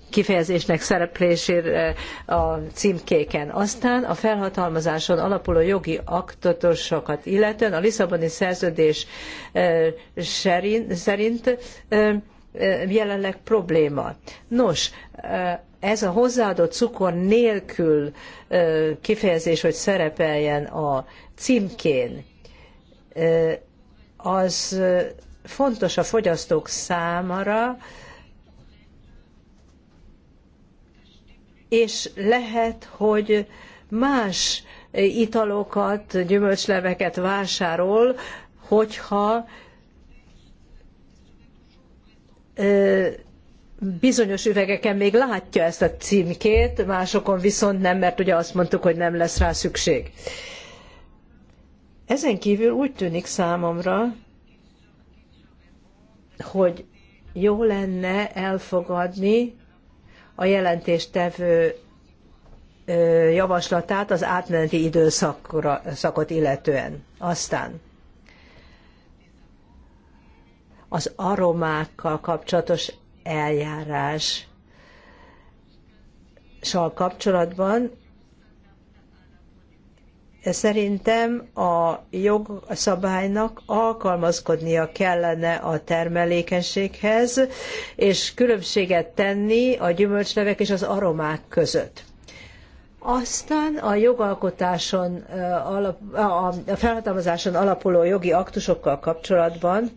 kifejezésnek szereplésére a címkéken. Aztán a felhatalmazáson alapuló jogi aktusokat illetően a Lisszaboni szerződés szerint jelenleg probléma. Nos, ez a hozzáadott cukor nélkül kifejezés, hogy szerepeljen a címkén, az fontos a fogyasztók számára, és lehet, hogy más italokat, gyümölcsleveket vásárol, hogyha bizonyos üvegeken még látja ezt a címkét, másokon viszont nem, mert ugye azt mondtuk, hogy nem lesz rá szükség. Ezen kívül úgy tűnik számomra, hogy jó lenne elfogadni a jelentéstevő javaslatát az átmeneti időszakot illetően. Aztán az aromákkal kapcsolatos eljárás kapcsolatban Szerintem a jogszabálynak alkalmazkodnia kellene a termelékenységhez, és különbséget tenni a gyümölcslevek és az aromák között. Aztán a jogalkotáson, a felhatalmazáson alapuló jogi aktusokkal kapcsolatban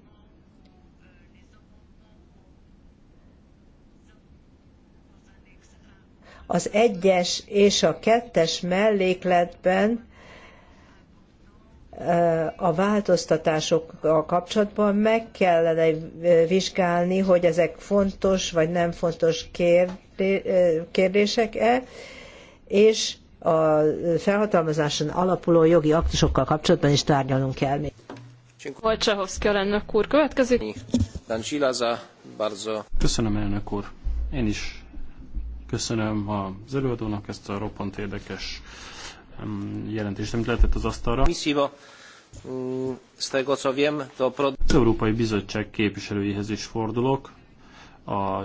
az egyes és a kettes mellékletben a változtatásokkal kapcsolatban meg kellene vizsgálni, hogy ezek fontos vagy nem fontos kérdések-e, és a felhatalmazáson alapuló jogi aktusokkal kapcsolatban is tárgyalnunk kell még. Olcsahovszki elnök úr, következik. Köszönöm, elnök úr. Én is köszönöm az előadónak ezt a roppant érdekes jelentést, amit lehetett az asztalra. Az Európai Bizottság képviselőihez is fordulok. A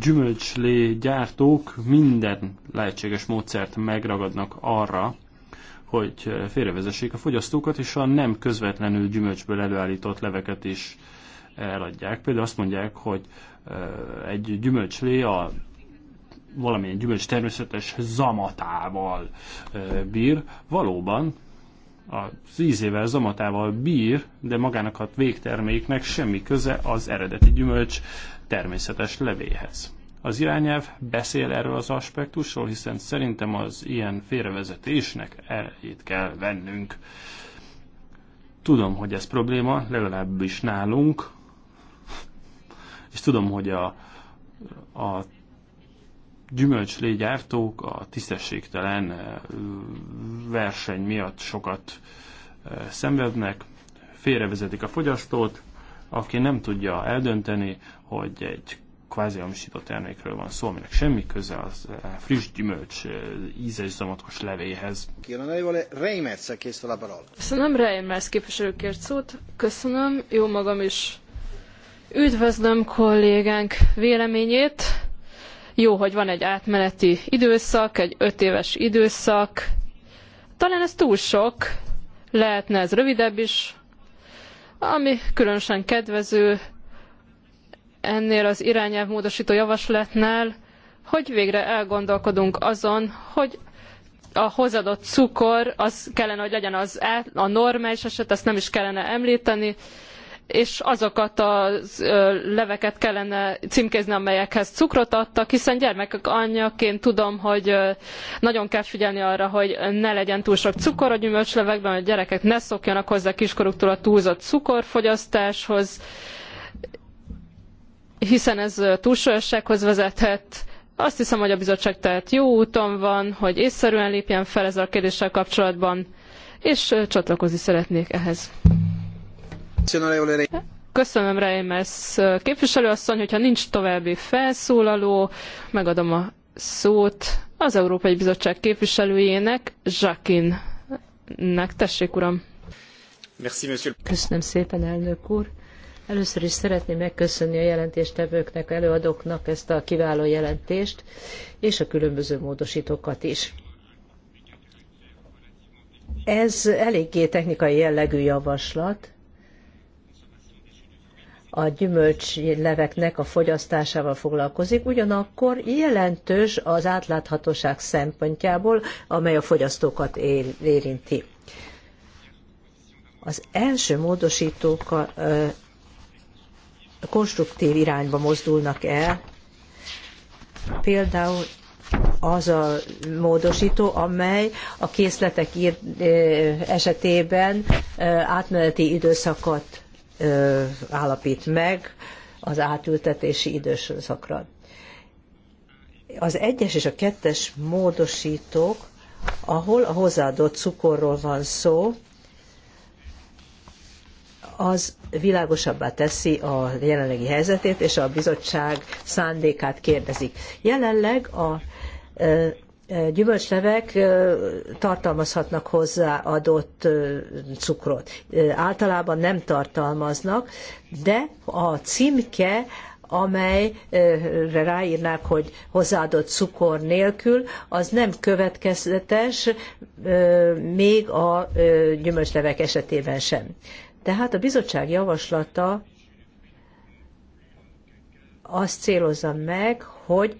gyümölcslé gyártók minden lehetséges módszert megragadnak arra, hogy félrevezessék a fogyasztókat, és a nem közvetlenül gyümölcsből előállított leveket is eladják. Például azt mondják, hogy egy gyümölcslé a valamilyen gyümölcs természetes zamatával bír. Valóban az ízével, zamatával bír, de magának a végterméknek semmi köze az eredeti gyümölcs természetes levéhez. Az irányelv beszél erről az aspektusról, hiszen szerintem az ilyen félrevezetésnek elét kell vennünk. Tudom, hogy ez probléma, legalábbis nálunk, és tudom, hogy a, a gyümölcslégyártók a tisztességtelen verseny miatt sokat szenvednek, félrevezetik a fogyasztót, aki nem tudja eldönteni, hogy egy kvázi hamisított termékről van szó, aminek semmi köze az friss gyümölcs ízes zamatkos levéhez. Köszönöm, Reimers képviselőkért szót. Köszönöm, jó magam is. Üdvözlöm kollégánk véleményét jó, hogy van egy átmeneti időszak, egy öt éves időszak. Talán ez túl sok, lehetne ez rövidebb is, ami különösen kedvező ennél az irányelv javaslatnál, hogy végre elgondolkodunk azon, hogy a hozadott cukor, az kellene, hogy legyen az át, a normális eset, ezt nem is kellene említeni, és azokat a leveket kellene címkézni, amelyekhez cukrot adtak, hiszen gyermekek anyjaként tudom, hogy nagyon kell figyelni arra, hogy ne legyen túl sok cukor a gyümölcslevekben, hogy a gyerekek ne szokjanak hozzá kiskoruktól a túlzott cukorfogyasztáshoz, hiszen ez túlsúlyossághoz vezethet. Azt hiszem, hogy a bizottság tehát jó úton van, hogy észszerűen lépjen fel ezzel a kérdéssel kapcsolatban, és csatlakozni szeretnék ehhez. Köszönöm, Reimers képviselőasszony, hogyha nincs további felszólaló, megadom a szót az Európai Bizottság képviselőjének, Zsakinnek. Tessék, uram! Köszönöm szépen, elnök úr! Először is szeretném megköszönni a jelentéstevőknek, előadóknak ezt a kiváló jelentést, és a különböző módosítókat is. Ez eléggé technikai jellegű javaslat, a gyümölcsleveknek a fogyasztásával foglalkozik, ugyanakkor jelentős az átláthatóság szempontjából, amely a fogyasztókat érinti. Az első módosítók a, konstruktív irányba mozdulnak el, például az a módosító, amely a készletek esetében átmeneti időszakot állapít meg az átültetési időszakra. Az egyes és a kettes módosítók, ahol a hozzáadott cukorról van szó, az világosabbá teszi a jelenlegi helyzetét, és a bizottság szándékát kérdezik. Jelenleg a gyümölcslevek tartalmazhatnak hozzá adott cukrot. Általában nem tartalmaznak, de a címke amelyre ráírnák, hogy hozzáadott cukor nélkül, az nem következetes, még a gyümölcslevek esetében sem. Tehát a bizottság javaslata azt célozza meg, hogy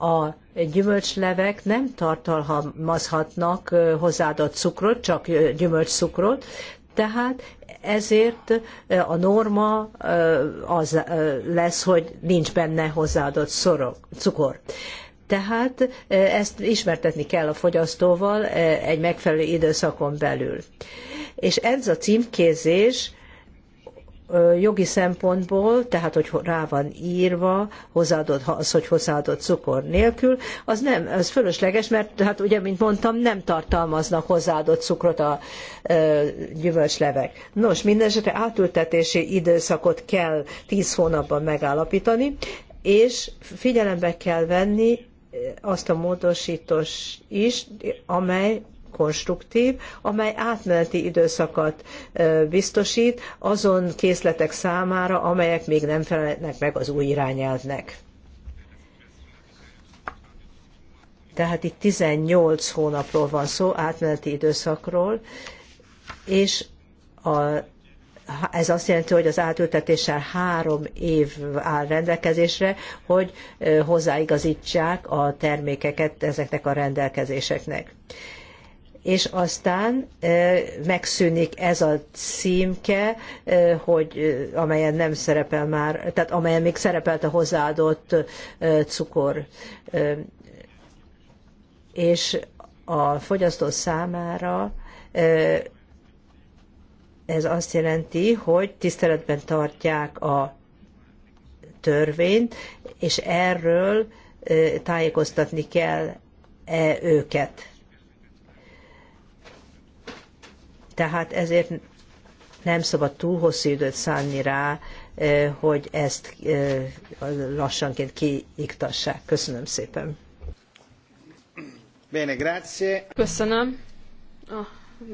a gyümölcslevek nem tartalmazhatnak hozzáadott cukrot, csak gyümölcscukrot, tehát ezért a norma az lesz, hogy nincs benne hozzáadott szorok, cukor. Tehát ezt ismertetni kell a fogyasztóval egy megfelelő időszakon belül. És ez a címkézés jogi szempontból, tehát hogy rá van írva, hozzáadott, az, hogy hozzáadott cukor nélkül, az nem, az fölösleges, mert hát ugye, mint mondtam, nem tartalmaznak hozzáadott cukrot a ö, gyümölcslevek. Nos, mindenesetre átültetési időszakot kell tíz hónapban megállapítani, és figyelembe kell venni azt a módosítós is, amely konstruktív, amely átmeneti időszakat biztosít azon készletek számára, amelyek még nem felelnek meg az új irányelvnek. Tehát itt 18 hónapról van szó, átmeneti időszakról, és a, ez azt jelenti, hogy az átültetéssel három év áll rendelkezésre, hogy hozzáigazítsák a termékeket ezeknek a rendelkezéseknek és aztán megszűnik ez a címke, hogy amelyen nem szerepel már, tehát amelyen még szerepelt a hozzáadott cukor. És a fogyasztó számára ez azt jelenti, hogy tiszteletben tartják a törvényt, és erről tájékoztatni kell -e őket. Tehát ezért nem szabad túl hosszú időt szánni rá, eh, hogy ezt eh, lassanként kiiktassák. Köszönöm szépen. Bene, grazie. Köszönöm a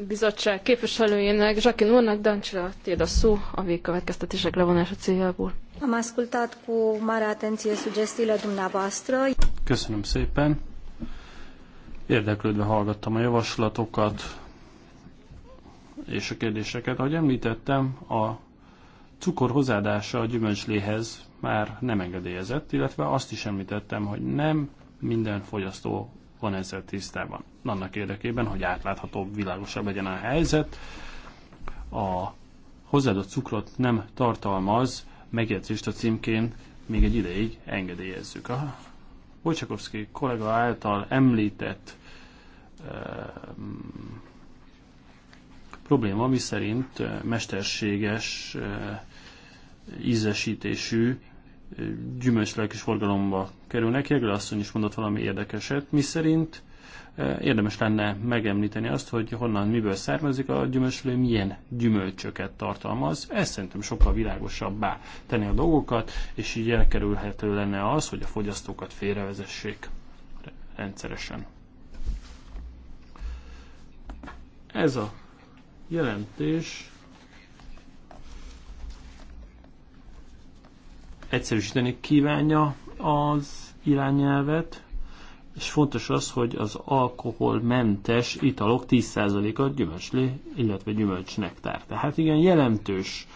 bizottság képviselőjének, Zsakin úrnak, Dancsira tiéd a szó a végkövetkeztetések levonása céljából. Am ascultat cu mare atenție sugestiile dumneavoastră. Köszönöm szépen. Érdeklődve hallgattam a javaslatokat, és a kérdéseket. Ahogy említettem, a cukor hozzáadása a gyümölcsléhez már nem engedélyezett, illetve azt is említettem, hogy nem minden fogyasztó van ezzel tisztában. Annak érdekében, hogy átláthatóbb, világosabb legyen a helyzet, a hozzáadott cukrot nem tartalmaz megjegyzést a címkén, még egy ideig engedélyezzük. A Bocsakovszki kollega által említett ehm, probléma, ami szerint mesterséges ízesítésű gyümölcslek is forgalomba kerülnek. Jegle asszony is mondott valami érdekeset, mi szerint érdemes lenne megemlíteni azt, hogy honnan, miből származik a gyümölcslő, milyen gyümölcsöket tartalmaz. Ez szerintem sokkal világosabbá tenni a dolgokat, és így elkerülhető lenne az, hogy a fogyasztókat félrevezessék rendszeresen. Ez a jelentés egyszerűsíteni kívánja az irányelvet, és fontos az, hogy az alkoholmentes italok 10%-a gyümölcslé, illetve gyümölcsnektár. Tehát igen, jelentős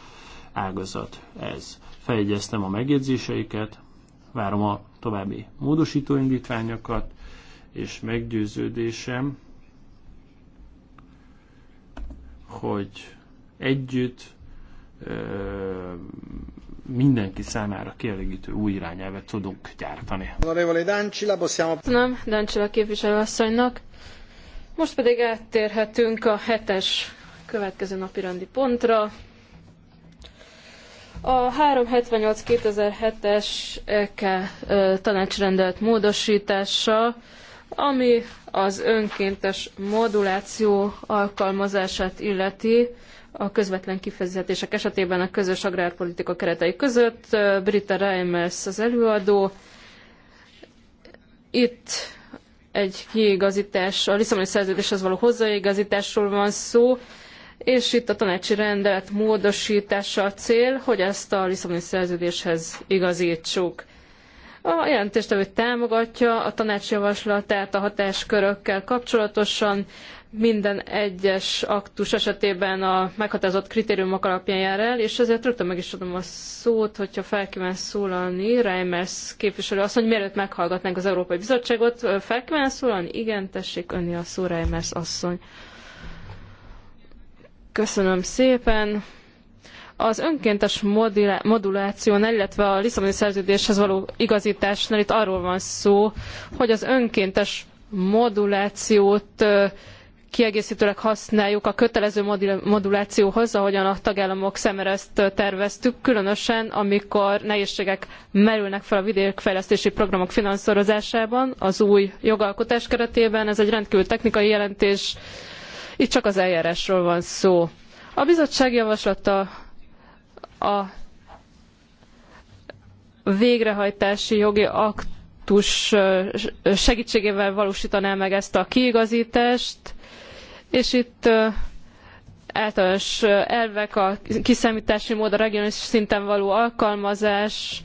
ágazat ez. Fejegyeztem a megjegyzéseiket, várom a további módosítóindítványokat, és meggyőződésem, hogy együtt mindenki számára kielégítő új irányelvet tudunk gyártani. Köszönöm Dancsila képviselőasszonynak. Most pedig áttérhetünk a hetes következő napi rendi pontra. A 378-2007-es EK tanácsrendelt módosítása ami az önkéntes moduláció alkalmazását illeti, a közvetlen kifizetések esetében a közös agrárpolitika keretei között. Brita Reimers az előadó. Itt egy kiigazítás, a Lisszaboni szerződéshez való hozzáigazításról van szó, és itt a tanácsi rendelet módosítása a cél, hogy ezt a Lisszaboni szerződéshez igazítsuk. A jelentéstevő támogatja a tanács javaslatát a hatáskörökkel kapcsolatosan, minden egyes aktus esetében a meghatározott kritériumok alapján jár el, és ezért rögtön meg is adom a szót, hogyha felkíván szólalni, Reimers képviselő azt, hogy mielőtt meghallgatnánk az Európai Bizottságot, felkíván szólalni? Igen, tessék önni a szó, Reimers asszony. Köszönöm szépen az önkéntes modulá- modulációnál, illetve a Lisszaboni szerződéshez való igazításnál itt arról van szó, hogy az önkéntes modulációt kiegészítőleg használjuk a kötelező modulációhoz, ahogyan a tagállamok szemre ezt terveztük, különösen amikor nehézségek merülnek fel a vidékfejlesztési programok finanszírozásában az új jogalkotás keretében. Ez egy rendkívül technikai jelentés, itt csak az eljárásról van szó. A bizottság javaslata a végrehajtási jogi aktus segítségével valósítaná meg ezt a kiigazítást, és itt általános elvek, a kiszámítási mód, a regionális szinten való alkalmazás,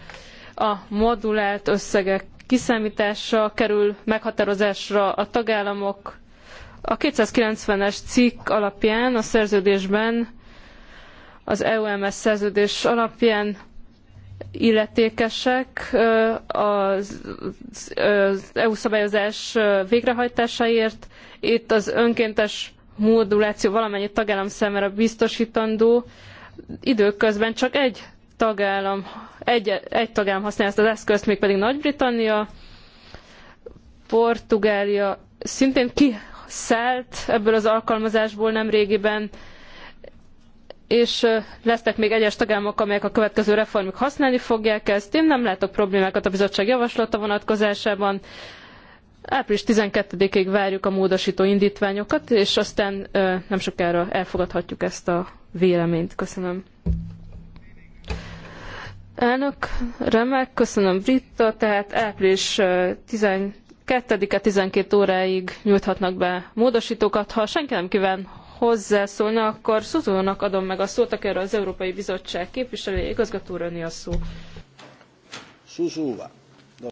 a modulált összegek kiszámítása kerül meghatározásra a tagállamok. A 290-es cikk alapján a szerződésben az EUMS szerződés alapján illetékesek az, EU szabályozás végrehajtásáért. Itt az önkéntes moduláció valamennyi tagállam számára biztosítandó, időközben csak egy tagállam, egy, egy tagállam használja ezt az eszközt, mégpedig Nagy-Britannia, Portugália szintén kiszállt ebből az alkalmazásból nem régiben, és lesznek még egyes tagállamok, amelyek a következő reformig használni fogják ezt. Én nem látok problémákat a bizottság javaslata vonatkozásában. Április 12-ig várjuk a módosító indítványokat, és aztán nem sokára elfogadhatjuk ezt a véleményt. Köszönöm. Elnök, remek, köszönöm Britta, tehát április 12-e 12 óráig nyújthatnak be módosítókat. Ha senki nem kíván hozzászólna, akkor Szuzónak adom meg a szót, aki az Európai Bizottság képviselője, igazgatóra a szó.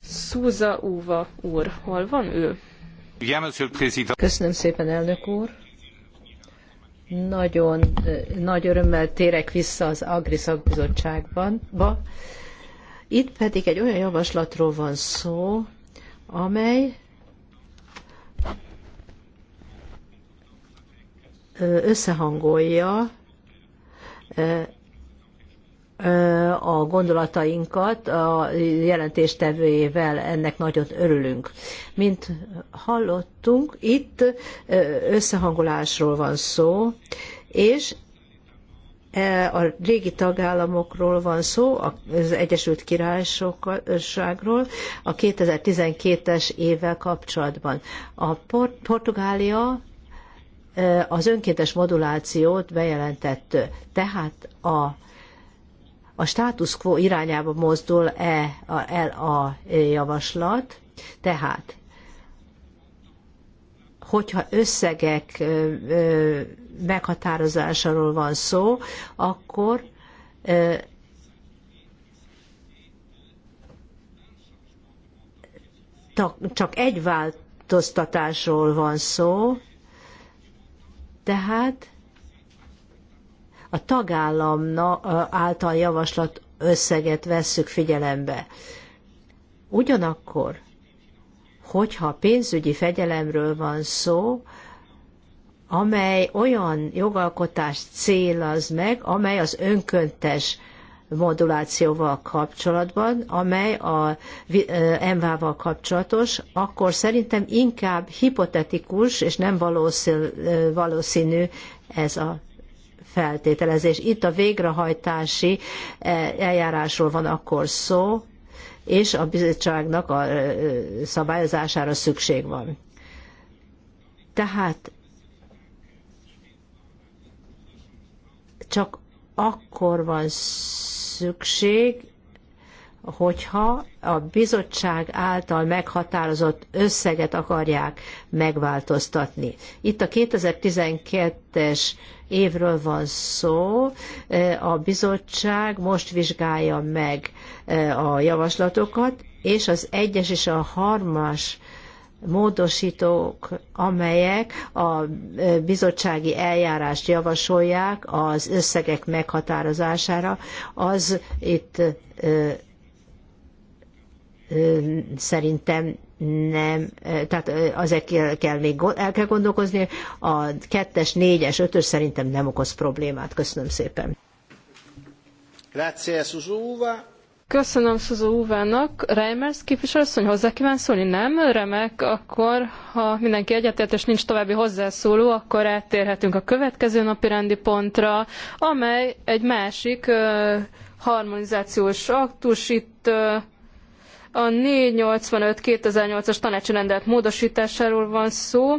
Szúza Úva úr, hol van ő? Köszönöm szépen, elnök úr. Nagyon eh, nagy örömmel térek vissza az Agri szakbizottságba. Itt pedig egy olyan javaslatról van szó, amely összehangolja a gondolatainkat a jelentéstevőjével, ennek nagyon örülünk. Mint hallottunk, itt összehangolásról van szó, és e, a régi tagállamokról van szó, az Egyesült Királyságról a 2012-es évvel kapcsolatban. A Port- Portugália az önkéntes modulációt bejelentett. Tehát a, a status quo irányába mozdul-e el a javaslat, tehát hogyha összegek meghatározásáról van szó, akkor csak egy változtatásról van szó, tehát a tagállam által javaslat összeget vesszük figyelembe. Ugyanakkor, hogyha pénzügyi fegyelemről van szó, amely olyan jogalkotást céloz meg, amely az önköntes modulációval kapcsolatban, amely a MV-val kapcsolatos, akkor szerintem inkább hipotetikus és nem valószínű ez a feltételezés. Itt a végrehajtási eljárásról van akkor szó, és a bizottságnak a szabályozására szükség van. Tehát csak akkor van szükség, hogyha a bizottság által meghatározott összeget akarják megváltoztatni. Itt a 2012-es évről van szó, a bizottság most vizsgálja meg eh, a javaslatokat, és az egyes és a harmas módosítók, amelyek a e, bizottsági eljárást javasolják az összegek meghatározására, az itt e, e, szerintem nem, tehát azért kell még el kell gondolkozni, a kettes, négyes, ötös szerintem nem okoz problémát. Köszönöm szépen. Grazie, Suzuva. Köszönöm Szuzó Uvának. Reimers hogy hozzá kíván szólni? Nem? Remek, akkor ha mindenki egyetért és nincs további hozzászóló, akkor áttérhetünk a következő napi rendi pontra, amely egy másik uh, harmonizációs aktus. Itt uh, a 485-2008-as tanácsi rendelet módosításáról van szó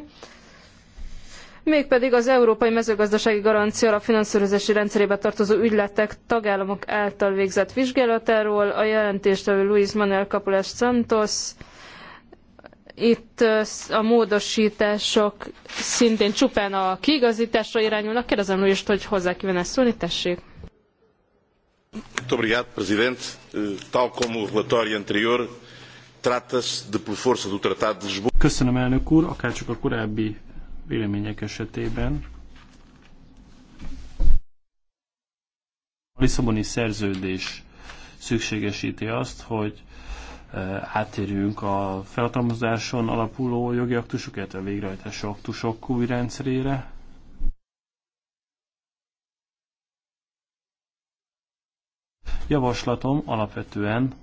mégpedig az Európai Mezőgazdasági Garancia a finanszírozási rendszerébe tartozó ügyletek tagállamok által végzett vizsgálatáról. A jelentéstevő Luis Manuel Capulás Santos. Itt a módosítások szintén csupán a kiigazításra irányulnak. Kérdezem Luist, hogy hozzá kívánna szólni, tessék. Muito obrigado, Presidente. Eh, tal como o relatório anterior, trata-se de, por força do Tratado de Lisboa. Köszönöm, elnök úr, akárcsak a korábbi vélemények esetében a Lisszaboni szerződés szükségesíti azt, hogy eh, átérjünk a felhatalmazáson alapuló jogi aktusok, illetve a végrehajtási aktusok új rendszerére. Javaslatom alapvetően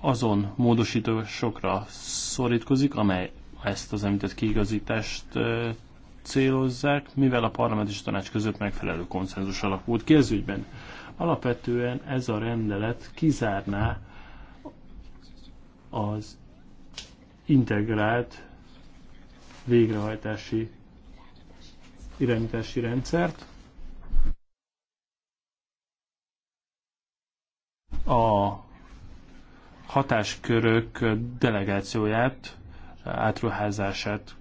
azon módosításokra szorítkozik, amely ezt az említett kiigazítást célozzák, mivel a parlament és a tanács között megfelelő konszenzus alakult ki ez ügyben. Alapvetően ez a rendelet kizárná az integrált végrehajtási irányítási rendszert. A hatáskörök delegációját átruházását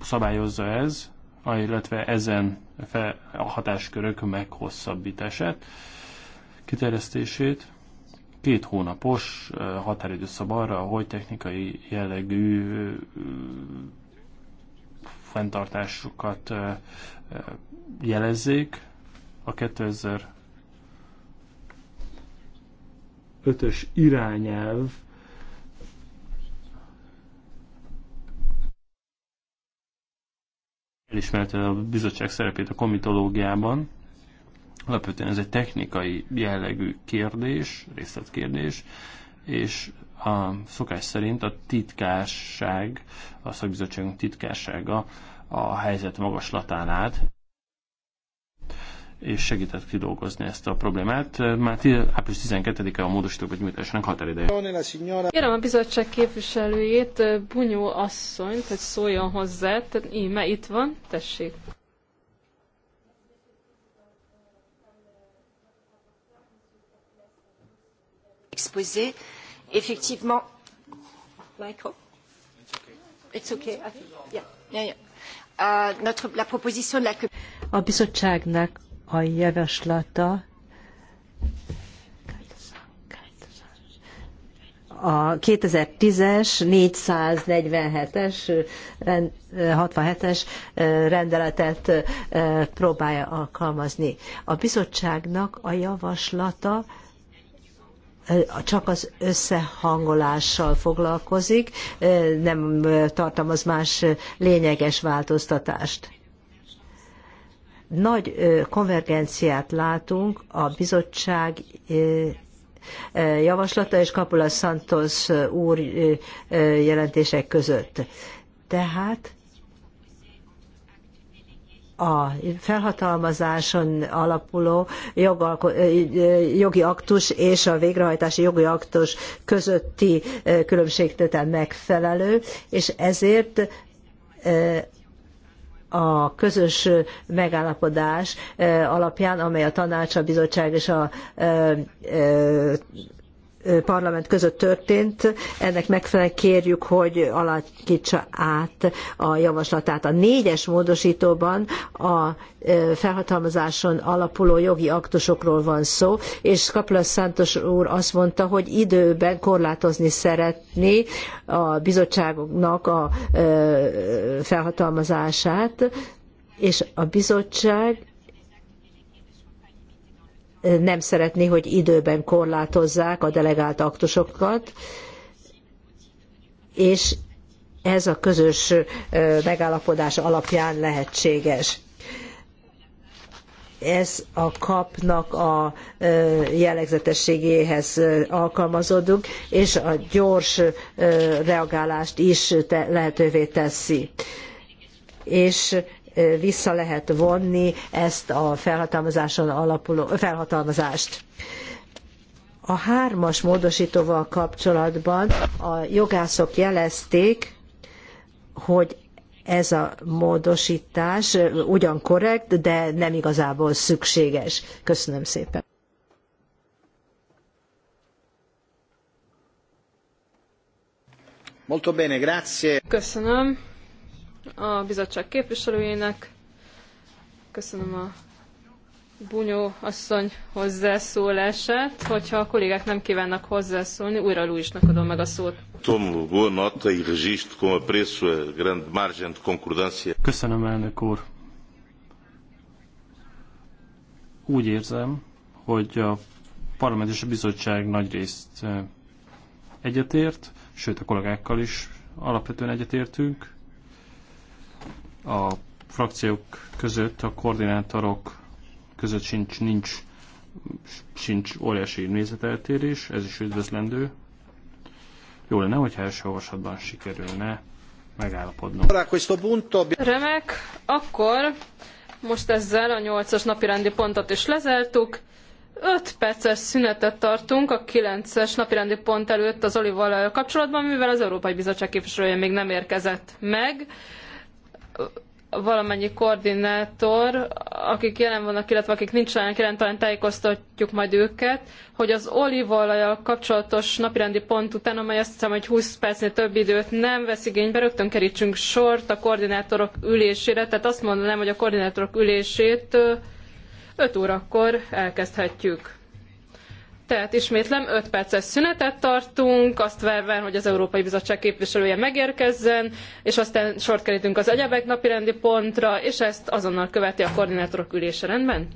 szabályozza ez, illetve ezen a hatáskörök meghosszabbítását, kiterjesztését. Két hónapos határidőszab arra, hogy technikai jellegű fenntartásokat jelezzék. A 2005-ös irányelv elismerte a bizottság szerepét a komitológiában. Alapvetően ez egy technikai jellegű kérdés, részletkérdés, és a szokás szerint a titkárság, a szakbizottságunk titkársága a helyzet magaslatán át és segített kidolgozni ezt a problémát. Már április 12-e a módosítók nyújtásának határideje. Kérem a bizottság képviselőjét, Bunyó asszonyt, hogy szóljon hozzá. Tehát íme itt van, tessék. Exposé, effectivement, micro. It's okay. Ah, yeah, yeah, yeah. Uh, notre, la proposition de la... A bizottságnak a javaslata a 2010-es 447-es 67-es rendeletet próbálja alkalmazni. A bizottságnak a javaslata csak az összehangolással foglalkozik, nem tartalmaz más lényeges változtatást nagy konvergenciát látunk a bizottság javaslata és Kapula Santos úr jelentések között. Tehát a felhatalmazáson alapuló jogi aktus és a végrehajtási jogi aktus közötti különbségtétel megfelelő, és ezért a közös megállapodás eh, alapján, amely a tanács, a bizottság és a eh, eh, parlament között történt. Ennek megfelelően kérjük, hogy alakítsa át a javaslatát. A négyes módosítóban a felhatalmazáson alapuló jogi aktusokról van szó, és Kaplas Szántos úr azt mondta, hogy időben korlátozni szeretné a bizottságoknak a felhatalmazását, és a bizottság nem szeretné, hogy időben korlátozzák a delegált aktusokat, és ez a közös megállapodás alapján lehetséges. Ez a kapnak a jellegzetességéhez alkalmazódik, és a gyors reagálást is lehetővé teszi. És vissza lehet vonni ezt a felhatalmazáson alapuló felhatalmazást. A hármas módosítóval kapcsolatban a jogászok jelezték, hogy ez a módosítás ugyan korrekt, de nem igazából szükséges. Köszönöm szépen. Molto bene, grazie. Köszönöm a bizottság képviselőjének. Köszönöm a Bunyó asszony hozzászólását. Hogyha a kollégák nem kívánnak hozzászólni, újra Luisnak adom meg a szót. nota e com de Köszönöm, elnök úr. Úgy érzem, hogy a parlament és a bizottság nagy részt eh, egyetért, sőt a kollégákkal is alapvetően egyetértünk a frakciók között, a koordinátorok között sincs, nincs, sincs óriási nézeteltérés, ez is üdvözlendő. Jó lenne, hogyha első olvasatban sikerülne megállapodnom. Remek, akkor most ezzel a nyolcas as napirendi pontot is lezártuk. 5 perces szünetet tartunk a 9-es napirendi pont előtt az Olival kapcsolatban, mivel az Európai Bizottság képviselője még nem érkezett meg valamennyi koordinátor, akik jelen vannak, illetve akik nincsenek jelen, talán tájékoztatjuk majd őket, hogy az olívolajjal kapcsolatos napirendi pont után, amely azt hiszem, hogy 20 percnél több időt nem vesz igénybe, rögtön kerítsünk sort a koordinátorok ülésére, tehát azt mondanám, hogy a koordinátorok ülését 5 órakor elkezdhetjük. Tehát ismétlem, 5 perces szünetet tartunk, azt várván, hogy az Európai Bizottság képviselője megérkezzen, és aztán sort kerítünk az egyebek napirendi pontra, és ezt azonnal követi a koordinátorok ülése rendben.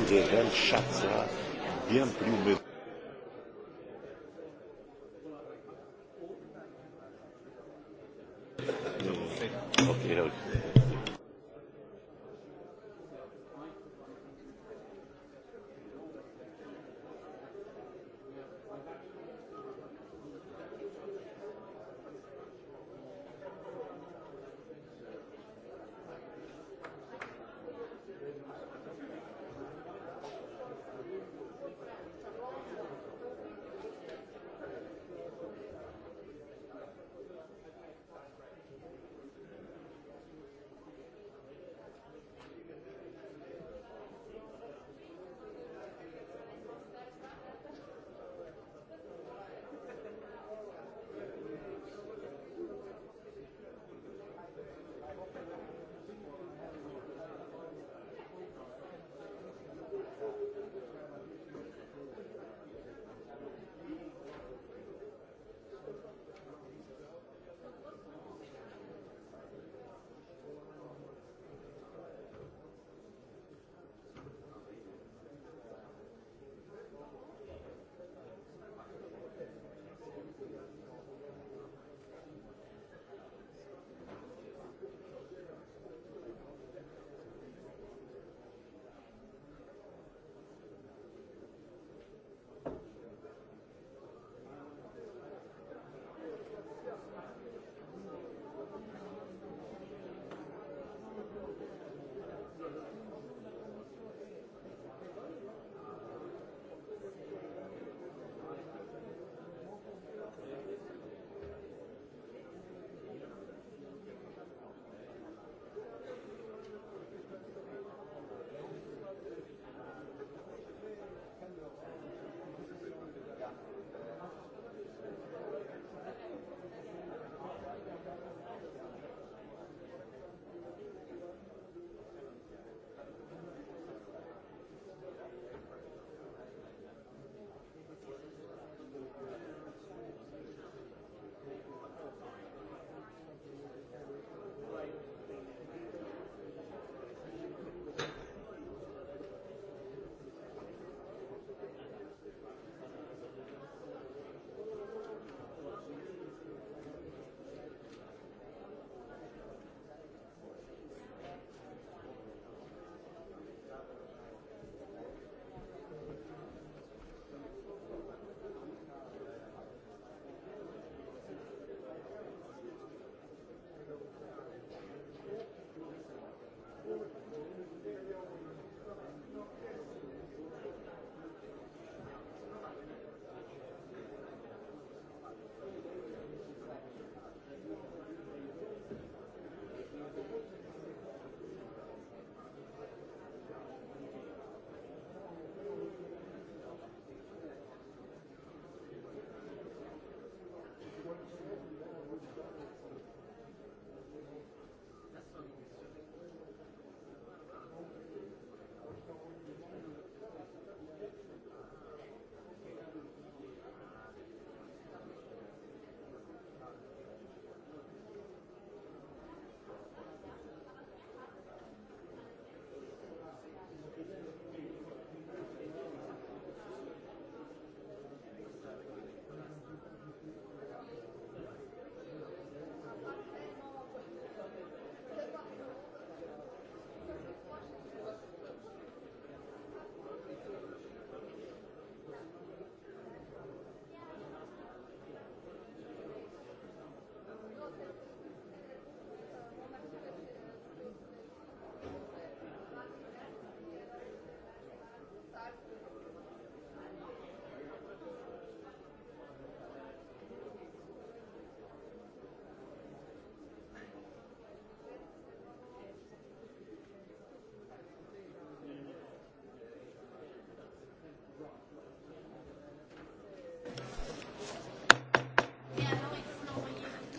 considérons chaque fois bien plus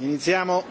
Iniziamo.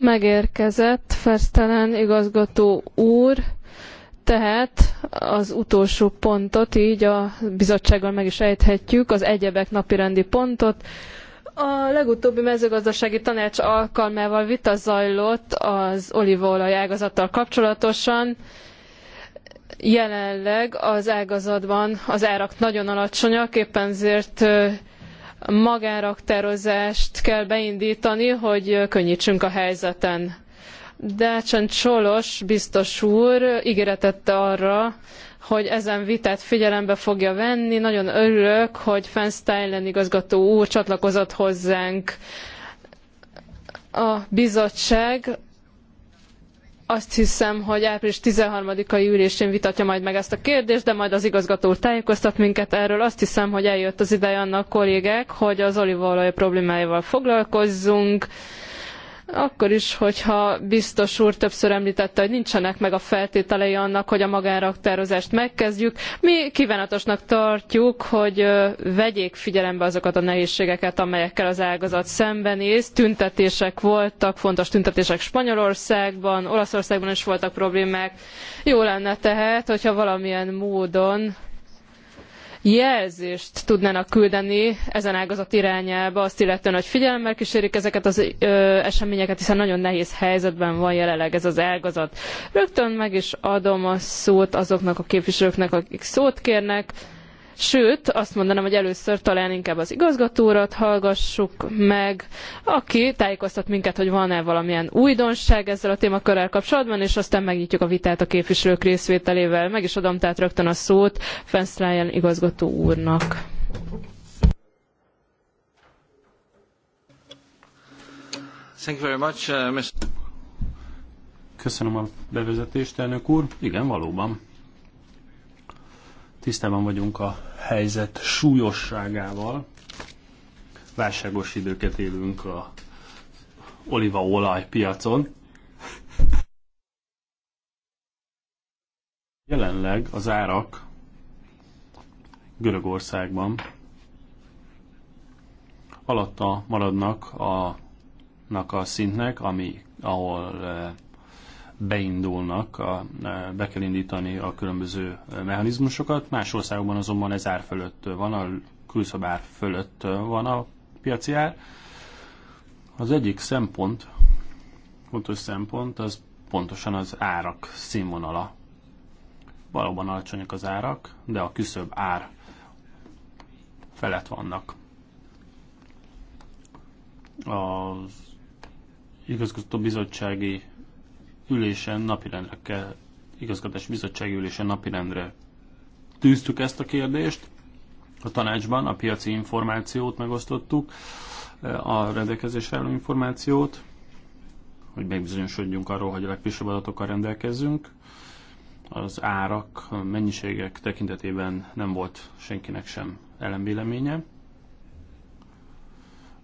Megérkezett Ferstelen igazgató úr, tehát az utolsó pontot így a bizottsággal meg is ejthetjük, az egyebek napirendi pontot. A legutóbbi mezőgazdasági tanács alkalmával vita zajlott az olívaolaj ágazattal kapcsolatosan. Jelenleg az ágazatban az árak nagyon alacsonyak, éppen ezért magánraktározást kell beindítani, hogy könnyítsünk a helyzeten. Dácsan Csolos biztos úr ígéretette arra, hogy ezen vitát figyelembe fogja venni. Nagyon örülök, hogy Fenstein igazgató úr csatlakozott hozzánk a bizottság azt hiszem, hogy április 13-ai ülésén vitatja majd meg ezt a kérdést, de majd az igazgató úr tájékoztat minket erről. Azt hiszem, hogy eljött az ideje annak kollégák, hogy az olívaolaj problémáival foglalkozzunk akkor is, hogyha biztos úr többször említette, hogy nincsenek meg a feltételei annak, hogy a magánraktározást megkezdjük, mi kívánatosnak tartjuk, hogy vegyék figyelembe azokat a nehézségeket, amelyekkel az ágazat szembenéz. Tüntetések voltak, fontos tüntetések Spanyolországban, Olaszországban is voltak problémák. Jó lenne tehát, hogyha valamilyen módon jelzést tudnának küldeni ezen ágazat irányába, azt illetően, hogy figyelemmel kísérik ezeket az ö, eseményeket, hiszen nagyon nehéz helyzetben van jelenleg ez az ágazat. Rögtön meg is adom a szót azoknak a képviselőknek, akik szót kérnek. Sőt, azt mondanám, hogy először talán inkább az igazgatórat hallgassuk meg, aki tájékoztat minket, hogy van-e valamilyen újdonság ezzel a témakörrel kapcsolatban, és aztán megnyitjuk a vitát a képviselők részvételével. Meg is adom tehát rögtön a szót Ryan igazgató úrnak. Uh, Köszönöm a bevezetést, elnök úr. Igen, valóban. Tisztában vagyunk a helyzet súlyosságával. Válságos időket élünk a olívaolaj piacon. Jelenleg az árak Görögországban alatta maradnak a, a szintnek, ami, ahol eh, beindulnak, a, e, be kell indítani a különböző mechanizmusokat. Más országokban azonban ez ár fölött van, a külszabár fölött van a piaci ár. Az egyik szempont, fontos szempont, az pontosan az árak színvonala. Valóban alacsonyak az árak, de a küszöb ár felett vannak. Az igazgató bizottsági ülésen napirendre kell, igazgatás bizottsági ülésen napirendre tűztük ezt a kérdést. A tanácsban a piaci információt megosztottuk, a rendelkezésre álló információt, hogy megbizonyosodjunk arról, hogy a legfrissebb adatokkal rendelkezzünk. Az árak, mennyiségek tekintetében nem volt senkinek sem ellenvéleménye.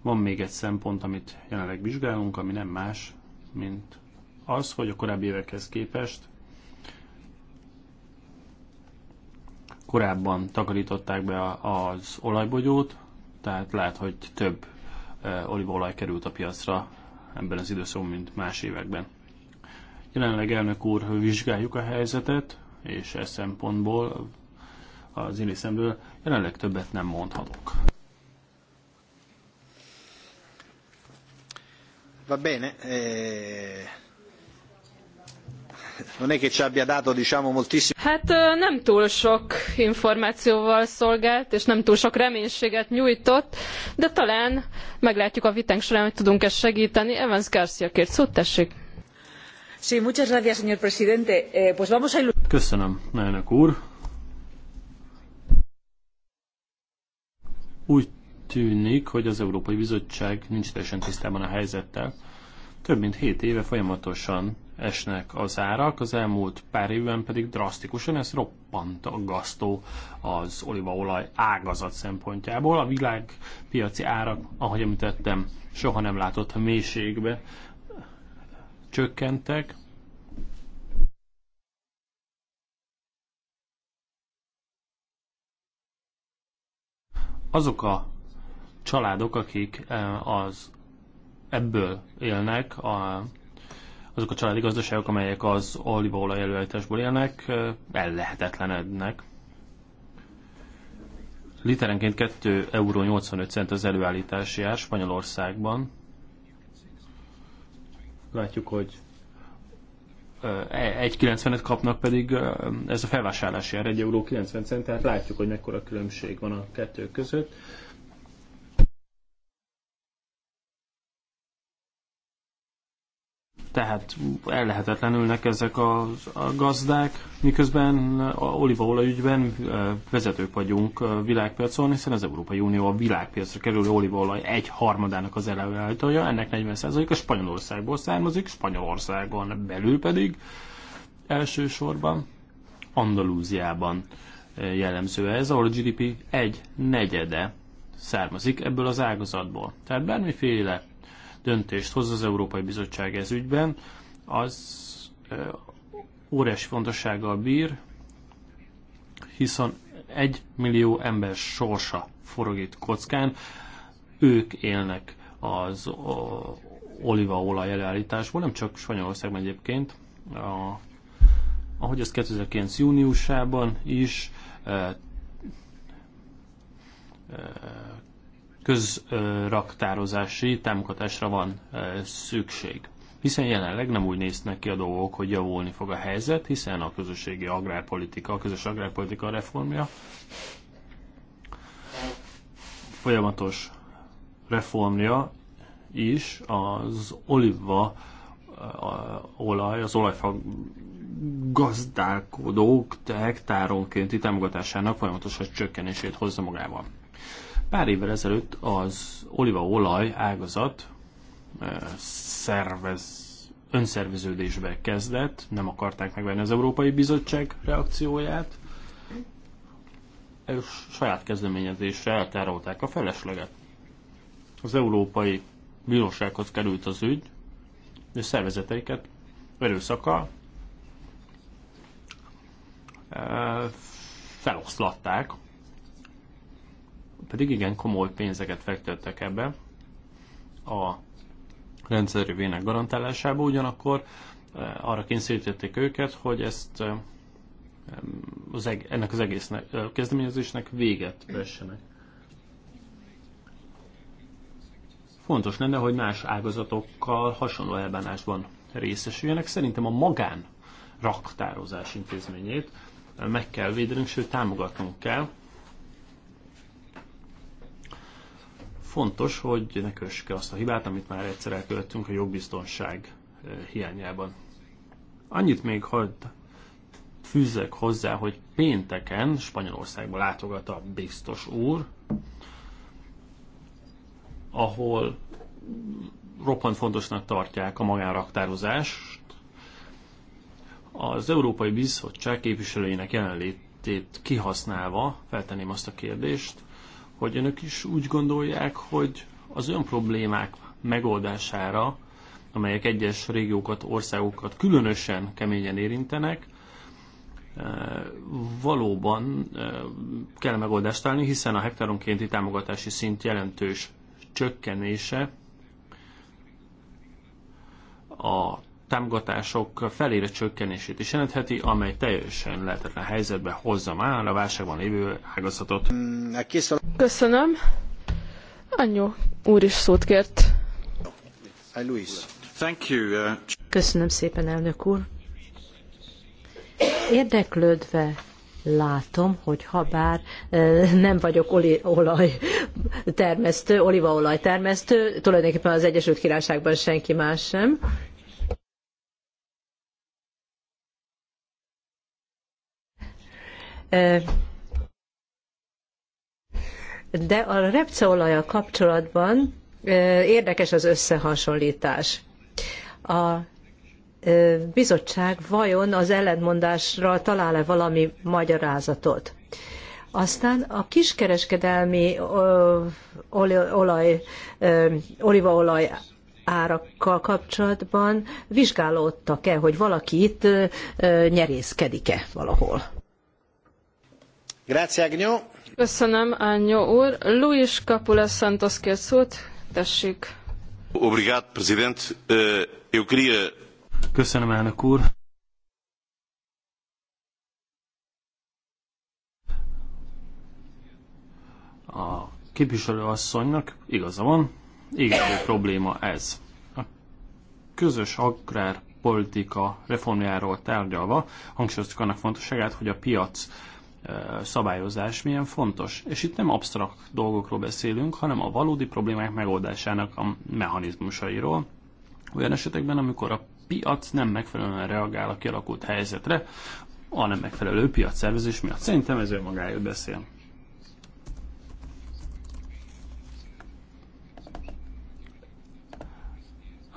Van még egy szempont, amit jelenleg vizsgálunk, ami nem más, mint az, hogy a korábbi évekhez képest korábban takarították be az olajbogyót, tehát lehet, hogy több e, olívaolaj került a piacra ebben az időszakban, mint más években. Jelenleg elnök úr vizsgáljuk a helyzetet, és e szempontból az én részemről jelenleg többet nem mondhatok. Va bene, eh, Hát nem túl sok információval szolgált, és nem túl sok reménységet nyújtott, de talán meglátjuk a vitánk során, hogy tudunk-e segíteni. Evans Garcia kért szót, tessék. Eh, Köszönöm, elnök úr. Úgy tűnik, hogy az Európai Bizottság nincs teljesen tisztában a helyzettel több mint 7 éve folyamatosan esnek az árak, az elmúlt pár évben pedig drasztikusan, ez roppant aggasztó az olívaolaj ágazat szempontjából. A világpiaci árak, ahogy említettem, soha nem látott mélységbe csökkentek, azok a családok, akik eh, az ebből élnek a, azok a családi gazdaságok, amelyek az olívaolaj előállításból élnek, ellehetetlenednek. Literenként 2,85 euró cent az előállítási ár Spanyolországban. Látjuk, hogy 1,95 e, kapnak pedig ez a felvásárlási ár 1,90 euró, tehát látjuk, hogy mekkora különbség van a kettő között. Tehát ellehetetlenülnek ezek a, a gazdák, miközben a olívaolajügyben vezetők vagyunk világpiacon, hiszen az Európai Unió a világpiacra kerülő olívaolaj egy harmadának az előállítója, ennek 40%-a Spanyolországból származik, Spanyolországon belül pedig elsősorban Andalúziában jellemző ez, ahol a GDP egy negyede származik ebből az ágazatból. Tehát bármiféle döntést hoz az Európai Bizottság ez ügyben, az óriási fontossággal bír, hiszen egy millió ember sorsa forog itt kockán, ők élnek az olívaolaj előállításból, nem csak Spanyolországban egyébként, a, ahogy az 2009. júniusában is e, e, közraktározási támogatásra van eh, szükség. Hiszen jelenleg nem úgy néznek ki a dolgok, hogy javulni fog a helyzet, hiszen a közösségi agrárpolitika, a közös agrárpolitika reformja folyamatos reformja is az oliva eh, olaj, az olajfa gazdálkodók hektáronkénti támogatásának folyamatos csökkenését hozza magával. Pár évvel ezelőtt az olívaolaj ágazat szervez, önszerveződésbe kezdett, nem akarták megvenni az Európai Bizottság reakcióját, és saját kezdeményezésre eltárolták a felesleget. Az Európai Bírósághoz került az ügy, és szervezeteiket erőszaka feloszlatták, pedig igen komoly pénzeket fektettek ebbe a rendszerűvének garantálásába, ugyanakkor eh, arra kényszerítették őket, hogy ezt eh, az eg- ennek az egésznek, eh, kezdeményezésnek véget vessenek. Fontos lenne, hogy más ágazatokkal hasonló elbánásban részesüljenek. Szerintem a magán raktározás intézményét meg kell védenünk, sőt támogatnunk kell, Fontos, hogy ne kössük azt a hibát, amit már egyszer elkövettünk a jogbiztonság hiányában. Annyit még hagyd fűzzek hozzá, hogy pénteken Spanyolországba látogat a biztos úr, ahol roppant fontosnak tartják a magánraktározást. Az Európai Bizottság képviselőinek jelenlétét kihasználva feltenném azt a kérdést, hogy önök is úgy gondolják, hogy az olyan problémák megoldására, amelyek egyes régiókat, országokat különösen keményen érintenek, eh, valóban eh, kell megoldást találni, hiszen a hektáronkénti támogatási szint jelentős csökkenése a támogatások felére csökkenését is jelentheti, amely teljesen lehetetlen helyzetbe hozza már a válságban lévő ágazatot. Köszönöm. Anyó úr is szót kért. Uh, Köszönöm szépen, elnök úr. Érdeklődve látom, hogy ha bár uh, nem vagyok oli- olaj termesztő, olivaolaj termesztő, tulajdonképpen az Egyesült Királyságban senki más sem, De a repceolajjal kapcsolatban érdekes az összehasonlítás. A bizottság vajon az ellentmondásra talál-e valami magyarázatot? Aztán a kiskereskedelmi olaj, olivaolaj árakkal kapcsolatban vizsgálódtak-e, hogy valaki itt nyerészkedik-e valahol? Grazie, Agnyó. Köszönöm, Agnyó úr. Luis Capula Santos kért szót. Tessék. Obrigado, presidente. Eh, eu queria... Köszönöm, elnök úr. a képviselőasszonynak igaza van, égető probléma ez. A közös agrárpolitika reformjáról tárgyalva hangsúlyoztuk annak fontosságát, hogy a piac szabályozás milyen fontos. És itt nem absztrakt dolgokról beszélünk, hanem a valódi problémák megoldásának a mechanizmusairól. Olyan esetekben, amikor a piac nem megfelelően reagál a kialakult helyzetre, hanem megfelelő piac szervezés miatt. Szerintem ez önmagáért beszél.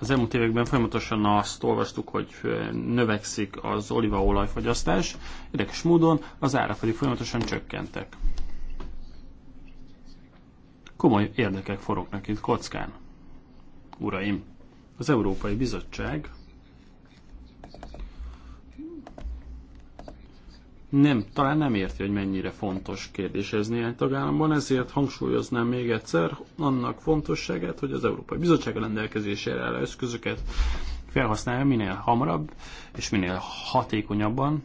Az elmúlt években folyamatosan azt olvastuk, hogy növekszik az olívaolajfogyasztás, érdekes módon az ára pedig folyamatosan csökkentek. Komoly érdekek forognak itt kockán. Uraim, az Európai Bizottság nem, talán nem érti, hogy mennyire fontos kérdés ez néhány tagállamban, ezért hangsúlyoznám még egyszer annak fontosságát, hogy az Európai Bizottság rendelkezésére áll eszközöket felhasználja minél hamarabb és minél hatékonyabban.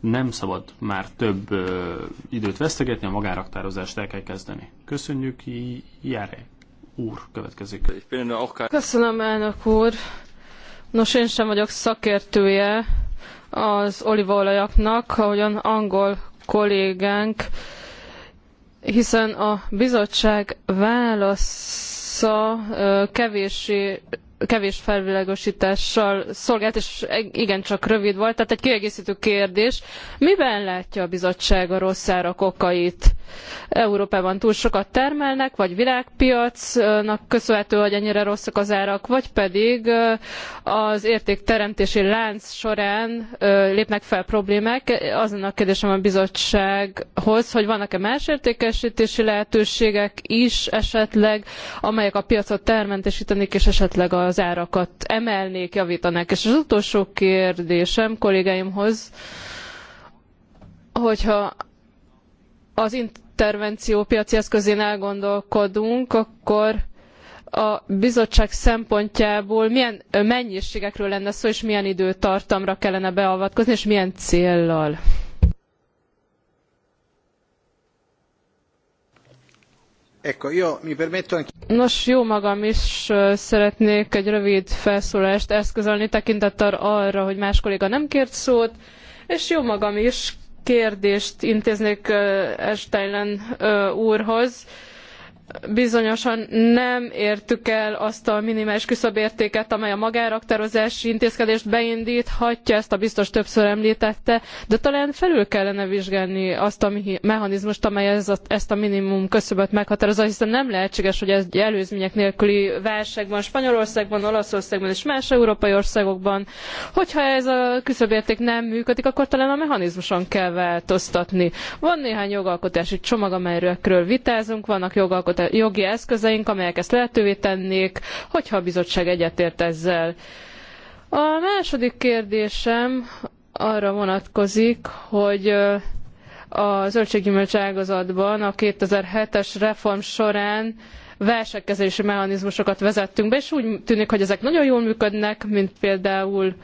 Nem szabad már több ö, időt vesztegetni, a magáraktározást el kell kezdeni. Köszönjük, Jare úr következik. Köszönöm, elnök úr. Nos, én sem vagyok szakértője az olívaolajaknak, ahogyan angol kollégánk, hiszen a bizottság válasza kevéssé kevés felvilágosítással szolgált, és igencsak rövid volt. Tehát egy kiegészítő kérdés. Miben látja a bizottság a rossz árak okait? Európában túl sokat termelnek, vagy világpiacnak köszönhető, hogy ennyire rosszak az árak, vagy pedig az értékteremtési lánc során lépnek fel problémák. Az a kérdésem a bizottsághoz, hogy vannak-e más értékesítési lehetőségek is esetleg, amelyek a piacot termentesítenék, és esetleg az árakat emelnék, javítanák. És az utolsó kérdésem kollégáimhoz, hogyha az intervenció piaci eszközén elgondolkodunk, akkor a bizottság szempontjából milyen mennyiségekről lenne szó, és milyen időtartamra kellene beavatkozni, és milyen céllal? Nos, jó magam is szeretnék egy rövid felszólalást eszközölni tekintettel arra, hogy más kolléga nem kért szót, és jó magam is kérdést intéznék Esteinen úrhoz bizonyosan nem értük el azt a minimális küszöbértéket, amely a magáraktározási intézkedést beindíthatja, ezt a biztos többször említette, de talán felül kellene vizsgálni azt a mechanizmust, amely ez a, ezt a minimum küszöböt meghatározza, hiszen nem lehetséges, hogy ez előzmények nélküli válságban, Spanyolországban, Olaszországban és más európai országokban, hogyha ez a küszöbérték nem működik, akkor talán a mechanizmuson kell változtatni. Van néhány jogalkotási csomag, amelyről vitázunk, vannak jogalkotási jogi eszközeink, amelyek ezt lehetővé tennék, hogyha a bizottság egyetért ezzel. A második kérdésem arra vonatkozik, hogy a zöldséggyümölcs ágazatban a 2007-es reform során válságkezelési mechanizmusokat vezettünk be, és úgy tűnik, hogy ezek nagyon jól működnek, mint például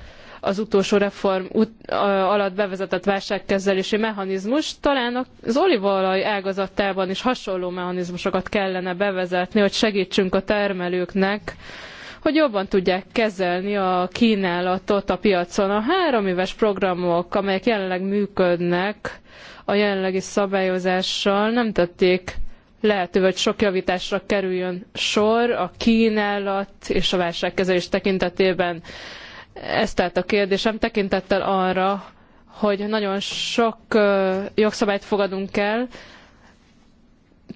az utolsó reform ut- alatt bevezetett válságkezelési mechanizmus. Talán az olívaolaj ágazatában is hasonló mechanizmusokat kellene bevezetni, hogy segítsünk a termelőknek, hogy jobban tudják kezelni a kínálatot a piacon. A három éves programok, amelyek jelenleg működnek a jelenlegi szabályozással, nem tették lehetővé, hogy sok javításra kerüljön sor a kínálat és a válságkezelés tekintetében. Ez tehát a kérdésem tekintettel arra, hogy nagyon sok jogszabályt fogadunk el,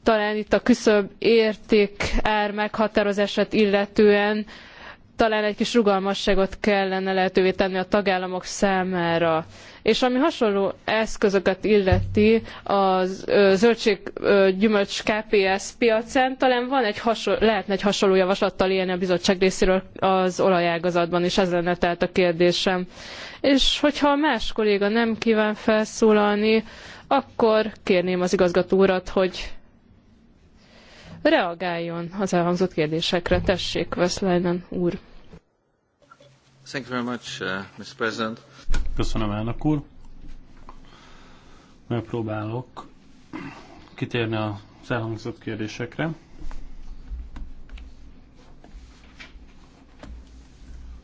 talán itt a küszöb érték ár meghatározását illetően talán egy kis rugalmasságot kellene lehetővé tenni a tagállamok számára. És ami hasonló eszközöket illeti, a zöldség gyümölcs KPS piacán talán van egy hasonló, lehetne egy hasonló javaslattal élni a bizottság részéről az olajágazatban, is ez lenne tehát a kérdésem. És hogyha más kolléga nem kíván felszólalni, akkor kérném az igazgató urat, hogy reagáljon az elhangzott kérdésekre. Tessék, Veszlejnen úr! Thank you very much, uh, Mr. President. Köszönöm, elnök úr. Megpróbálok kitérni az elhangzott kérdésekre.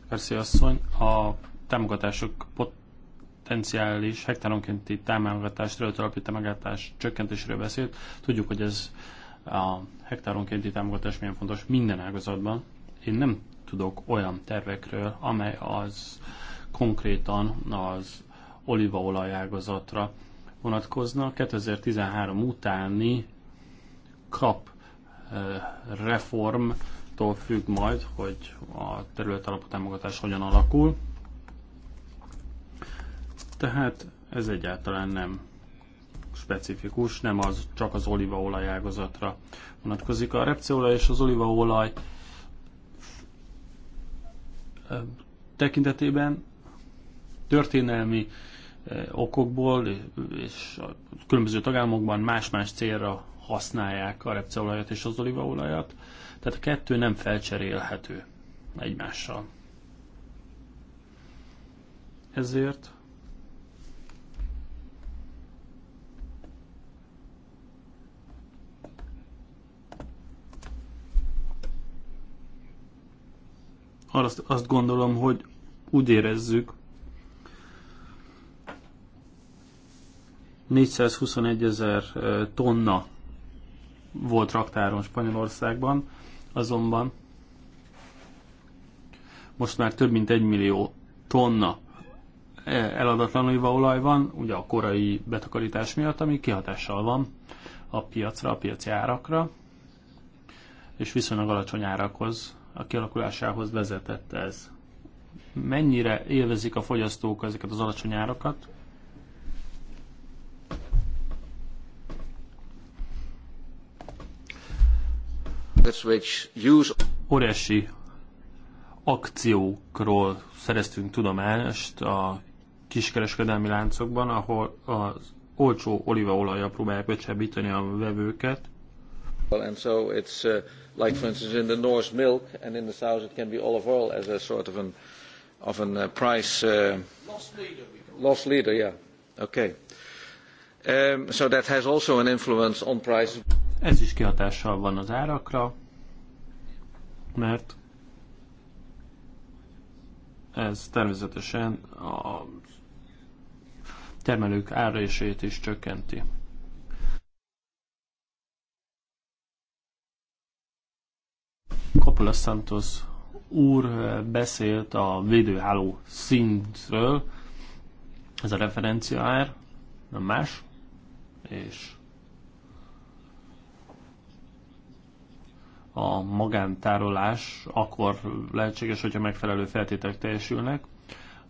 Persze asszony, a támogatások potenciális hektáronkénti támogatás, területalapú támogatás csökkentésről beszélt. Tudjuk, hogy ez a hektáronkénti támogatás milyen fontos minden ágazatban. Én nem tudok olyan tervekről, amely az konkrétan az olívaolajágazatra vonatkozna. 2013 utáni kap reformtól függ majd, hogy a terület alapú támogatás hogyan alakul. Tehát ez egyáltalán nem specifikus, nem az csak az olívaolaj ágazatra vonatkozik. A repceolaj és az olívaolaj tekintetében történelmi okokból és a különböző tagállamokban más-más célra használják a repceolajat és az olívaolajat, tehát a kettő nem felcserélhető egymással. Ezért azt, azt gondolom, hogy úgy érezzük, 421 ezer tonna volt raktáron Spanyolországban, azonban most már több mint 1 millió tonna eladatlan olaj van, ugye a korai betakarítás miatt, ami kihatással van a piacra, a piaci árakra, és viszonylag alacsony árakhoz a kialakulásához vezetett ez. Mennyire élvezik a fogyasztók ezeket az alacsony árakat? Óriási akciókról szereztünk tudomást a kiskereskedelmi láncokban, ahol az olcsó olívaolajjal próbálják becsebíteni a vevőket. Well, and so it's, uh like for instance in the Norse milk, and in the south it can be olive oil as a sort of an of an uh, price uh, loss leader. Loss leader, yeah. Okay. Um, so that has also an influence on prices. Ez is kihatással van az árakra, mert ez természetesen a termelők árését is csökkenti. Kapula Santos úr eh, beszélt a védőháló szintről, ez a ár, nem más, és a magántárolás akkor lehetséges, hogyha megfelelő feltételek teljesülnek.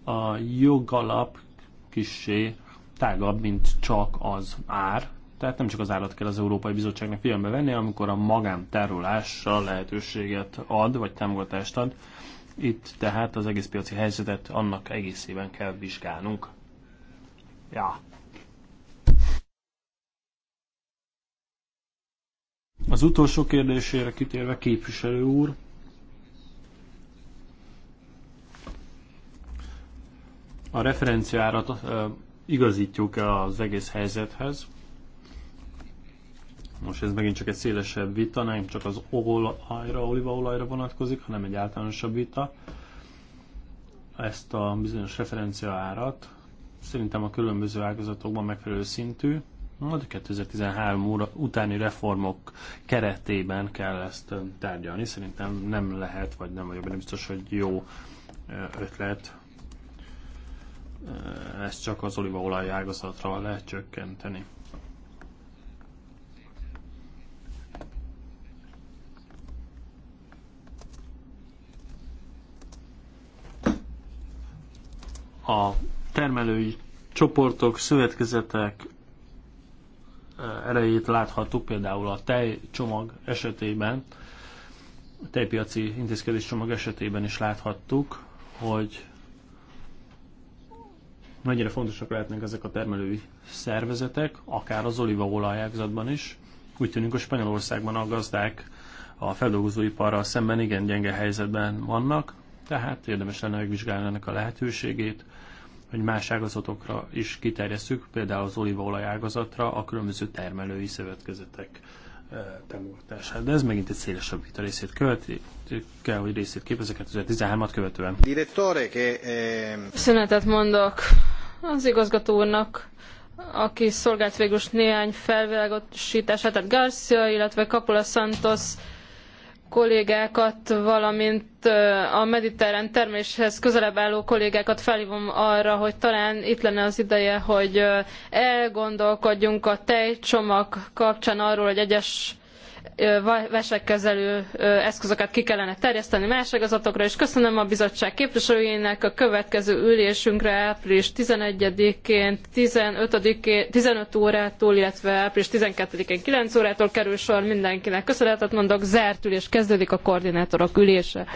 A jogalap kissé tágabb, mint csak az ár, tehát nem csak az állat kell az Európai Bizottságnak figyelembe venni, amikor a magántárolásra lehetőséget ad, vagy támogatást ad. Itt tehát az egész piaci helyzetet annak egészében kell vizsgálnunk. Ja. Az utolsó kérdésére kitérve képviselő úr, a referenciárat igazítjuk -e az egész helyzethez. Most ez megint csak egy szélesebb vita, nem csak az olajra, olívaolajra vonatkozik, hanem egy általánosabb vita. Ezt a bizonyos referencia árat szerintem a különböző ágazatokban megfelelő szintű, majd 2013 óra utáni reformok keretében kell ezt tárgyalni. Szerintem nem lehet, vagy nem vagyok benne biztos, hogy jó ötlet ezt csak az olívaolaj ágazatra lehet csökkenteni. a termelői csoportok, szövetkezetek erejét láthattuk például a tejcsomag esetében, a tejpiaci intézkedés csomag esetében is láthattuk, hogy mennyire fontosak lehetnek ezek a termelői szervezetek, akár az olívaolajágzatban is. Úgy tűnik, hogy Spanyolországban a gazdák a feldolgozóiparral szemben igen gyenge helyzetben vannak, tehát érdemes lenne megvizsgálni ennek a lehetőségét, hogy más ágazatokra is kiterjesszük, például az olívaolaj ágazatra a különböző termelői szövetkezetek eh, támogatását. De ez megint egy szélesebb vita részét követi, kell, hogy részét képezze 2013-at követően. Direttore, ehm, Szünetet mondok az igazgató úrnak, aki szolgált végül néhány felvilágosítását, tehát Garcia, illetve Capula Santos kollégákat, valamint a mediterrán terméshez közelebb álló kollégákat felhívom arra, hogy talán itt lenne az ideje, hogy elgondolkodjunk a tejcsomag kapcsán arról, hogy egyes vesekkezelő eszközöket ki kellene terjeszteni más ágazatokra, és köszönöm a bizottság képviselőjének a következő ülésünkre április 11-én, 15 órától, illetve április 12-én 9 órától kerül sor mindenkinek. Köszönetet mondok, zárt ülés kezdődik a koordinátorok ülése.